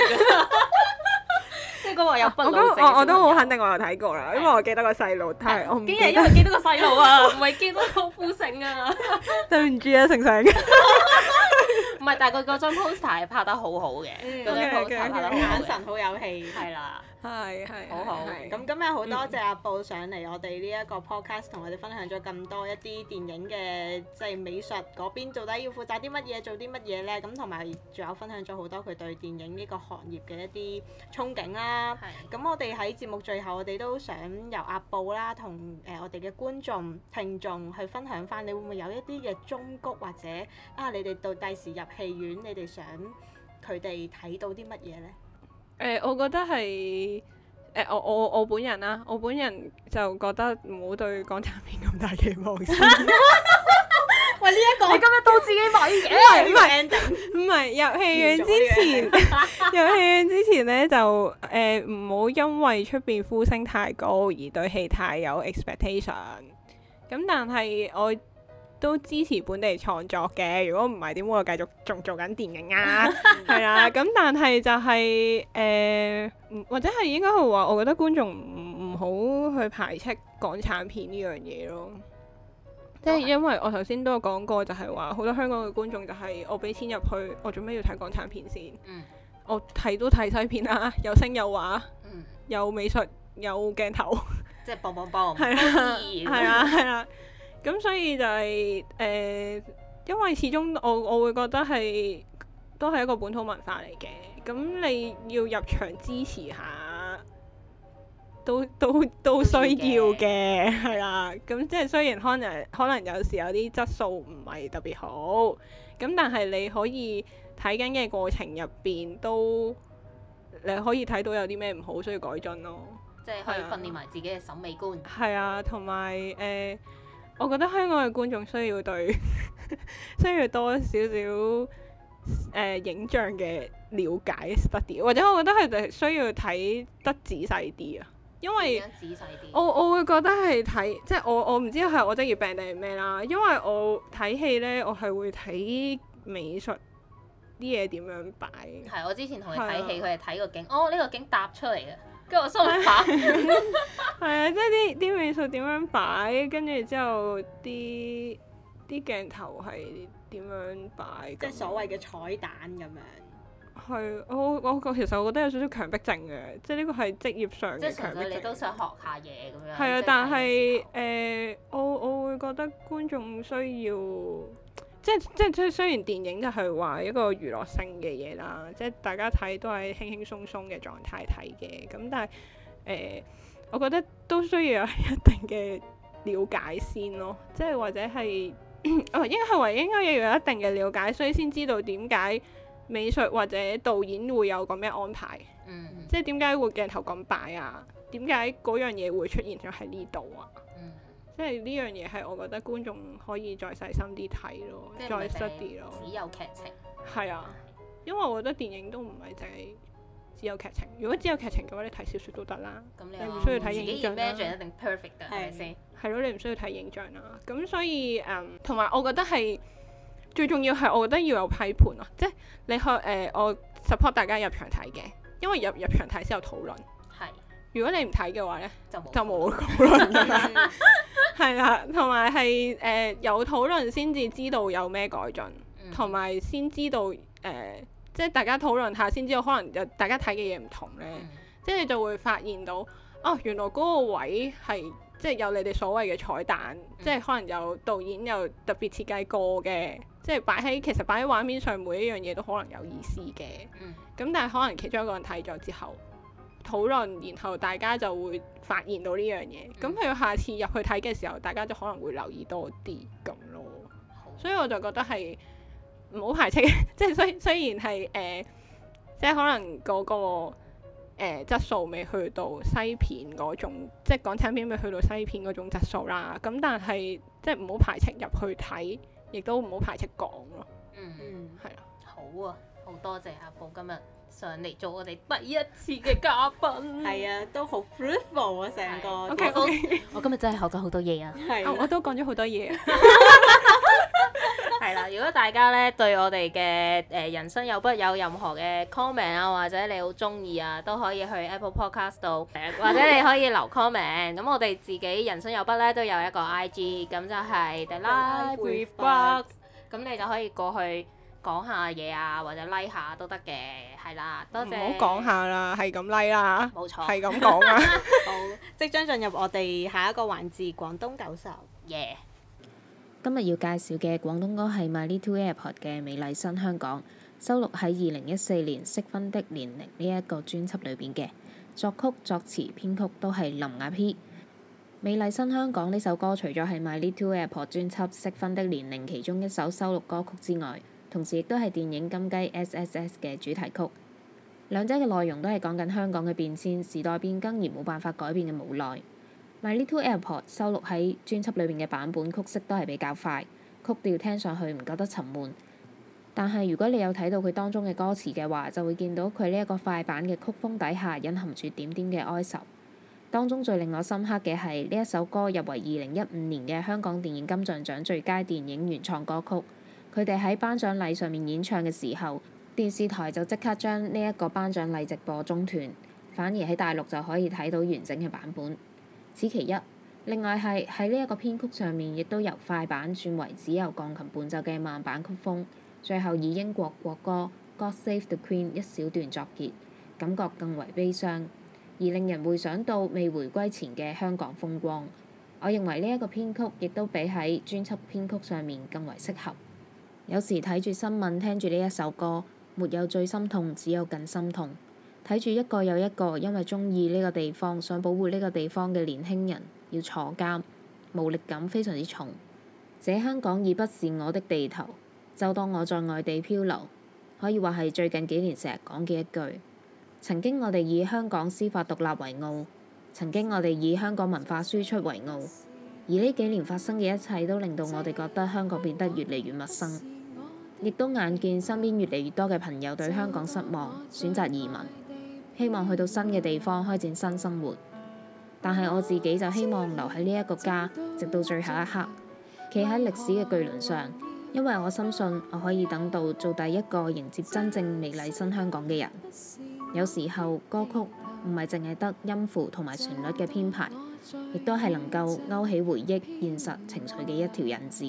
即呢個話有笨龍，我我，我都好肯定我有睇過啦，因為我記得個細路，但係、啊、我唔記日因為記得個細路啊，唔係 記得郭富城啊。 對唔住啊，成成。唔 係， 但係佢嗰張 poster 係拍得好、嗯、拍得好嘅，眼、okay, okay , okay. 神好有戲。係啦。 係係， 好好。咁 今日好多謝阿布上嚟我哋呢一個 podcast，同我哋分享咗咁多一啲電影嘅，即係美術嗰邊到底要負責啲乜嘢，做啲乜嘢咧？咁同埋仲有分享咗好多佢對電影呢個行業嘅一啲憧憬啦。咁 我哋喺節目最後，我哋都想由阿布啦，同誒、呃、我哋嘅觀眾聽眾去分享翻，你會唔會有一啲嘅忠告或者啊？你哋到第時入戲院，你哋想佢哋睇到啲乜嘢咧？誒、呃，我覺得係誒、呃，我我我本人啦、啊，我本人就覺得唔好對港產片咁大期望先。喂，呢、這、一個你 今日都自己買嘅，唔係唔係入戲院之前，了 入戲院之前咧就誒唔好因為出邊呼聲太高而對戲太有 expectation。咁但係我。都支持本地創作嘅，如果唔係點會繼續仲做緊電影啊？係啊，咁但係就係誒，或者係應該係話，我覺得觀眾唔唔好去排斥港產片呢樣嘢咯。即係因為我頭先都有講過，就係話好多香港嘅觀眾就係我俾錢入去，我做咩要睇港產片先？我睇都睇西片啦，有聲有畫，有美術，有鏡頭，即係 bang bang bang，係啊係啊。咁所以就係誒，因為始終我我會覺得係都係一個本土文化嚟嘅，咁你要入場支持下，都都都需要嘅，係啦。咁即係雖然可能可能有時有啲質素唔係特別好，咁但係你可以睇緊嘅過程入邊都你可以睇到有啲咩唔好需要改進咯，即係可以訓練埋自己嘅審美觀。係啊，同埋誒。我覺得香港嘅觀眾需要對 需要多少少誒影像嘅了解 study，或者我覺得係需要睇得仔細啲啊，因為仔細啲。我我會覺得係睇，即係我我唔知係我職業病定係咩啦，因為我睇戲咧，我係會睇美術啲嘢點樣擺。係，我之前同你睇戲，佢係睇個景，哦，呢個景搭出嚟嘅。跟住我收埋擺，係啊！ 即係啲啲美術點樣擺，跟住之後啲啲鏡頭係點樣擺，即係所謂嘅彩蛋咁樣。係，我我其實我覺得有少少強迫症嘅，即係呢個係職業上嘅強迫症。你都想學下嘢咁樣。係啊對，但係誒、呃，我我會覺得觀眾唔需要。即係即係即係，雖然電影就係話一個娛樂性嘅嘢啦，即係大家睇都係輕輕鬆鬆嘅狀態睇嘅，咁但係誒、呃，我覺得都需要有一定嘅了解先咯，即係或者係我、 哦、應係話應該要有一定嘅了解，所以先知道點解美術或者導演會有咁樣安排，嗯嗯，即係點解會鏡頭咁擺啊？點解嗰樣嘢會出現咗喺呢度啊？即係呢樣嘢係我覺得觀眾可以再細心啲睇咯，再深啲咯。只有劇情。係啊，因為我覺得電影都唔係淨係只有劇情。如果只有劇情嘅話，你睇小説都得啦。咁你唔需要睇影像啦、啊。自己 image 一定 perfect 嘅。係是啊，咯，你唔需要睇影像啦、啊。咁所以誒，同、嗯、埋我覺得係最重要係，我覺得要有批判咯、啊。即係你去誒、呃，我 support 大家入場睇嘅，因為入入場睇先有討論。如果你唔睇嘅話咧，就冇就冇討論啦。係啦、 啊，同埋係誒有討論先至知道有咩改進，同埋、嗯、先知道誒、呃，即係大家討論下先知道可能有大家睇嘅嘢唔同咧。嗯、即係你就會發現到，哦，原來嗰個位係即係有你哋所謂嘅彩蛋，嗯、即係可能有導演又特別設計過嘅，嗯、即係擺喺其實擺喺畫面上每一樣嘢都可能有意思嘅。咁、嗯、但係可能其中一個人睇咗之後，討論，然後大家就會發現到呢樣嘢，咁佢、嗯、下次入去睇嘅時候，大家就可能會留意多啲咁咯。的所以我就覺得係唔好排斥， 即係雖雖然係誒、呃，即係可能嗰、那個誒、呃、質素未去到西片嗰種，即係港產片未去到西片嗰種質素啦。咁但係即係唔好排斥入去睇，亦都唔好排斥講咯。嗯，嗯，係啊的，好啊，好多謝阿布今日上嚟做我哋第一次嘅嘉賓，係 啊，都好 fruitful 啊，成個 okay, 我，我今日真係學咗好多嘢啊，了 oh, 我都講咗好多嘢，係啦。如果大家咧對我哋嘅誒人生有 BUG 有任何嘅 comment 啊，或者你好中意啊，都可以去 Apple Podcast 度，或者你可以留 comment。咁 我哋自己人生有 BUG 咧都有一個 IG，咁就係、是、The Life With Bugs，咁你就可以過去。講下嘢啊，或者 like 下都得嘅，係啦。多謝。唔好講下啦，係咁 like 啦，冇錯，係咁講啊。好，即將進入我哋下一個環節廣東九首。Yeah，今日要介紹嘅廣東歌係 My Little Airport 嘅《美麗新香港》，收錄喺二零一四年《適婚的年齡》呢一個專輯裏邊嘅作曲、作詞、編曲都係林亞 P。《美麗新香港》呢首歌除咗係 My Little Airport 專輯《適婚的年齡》其中一首收錄歌曲之外，同時亦都係電影《金雞 S S S》嘅主題曲，兩者嘅內容都係講緊香港嘅變遷、時代變更而冇辦法改變嘅無奈。My Little Airport 收錄喺專輯裏面嘅版本曲式都係比較快，曲調聽上去唔覺得沉悶。但係如果你有睇到佢當中嘅歌詞嘅話，就會見到佢呢一個快板嘅曲風底下隱含住點點嘅哀愁。當中最令我深刻嘅係呢一首歌入圍二零一五年嘅香港電影金像獎最佳電影原創歌曲。佢哋喺頒獎禮上面演唱嘅時候，電視台就即刻將呢一個頒獎禮直播中斷，反而喺大陸就可以睇到完整嘅版本，此其一。另外係喺呢一個編曲上面，亦都由快板轉為只有鋼琴伴奏嘅慢板曲風，最後以英國國歌《God Save the Queen》一小段作結，感覺更為悲傷，而令人回想到未回歸前嘅香港風光。我認為呢一個編曲亦都比喺專輯編曲上面更為適合。有時睇住新聞，聽住呢一首歌，沒有最心痛，只有更心痛。睇住一個又一個因為鍾意呢個地方，想保護呢個地方嘅年輕人要坐監，無力感非常之重。這香港已不是我的地頭，就當我在外地漂流。可以話係最近幾年成日講嘅一句。曾經我哋以香港司法獨立為傲，曾經我哋以香港文化輸出為傲，而呢幾年發生嘅一切都令到我哋覺得香港變得越嚟越陌生。亦都眼見身邊越嚟越多嘅朋友對香港失望，選擇移民，希望去到新嘅地方開展新生活。但係我自己就希望留喺呢一個家，直到最後一刻，企喺歷史嘅巨輪上，因為我深信我可以等到做第一個迎接真正美麗新香港嘅人。有時候歌曲唔係淨係得音符同埋旋律嘅編排，亦都係能夠勾起回憶、現實情緒嘅一條引子。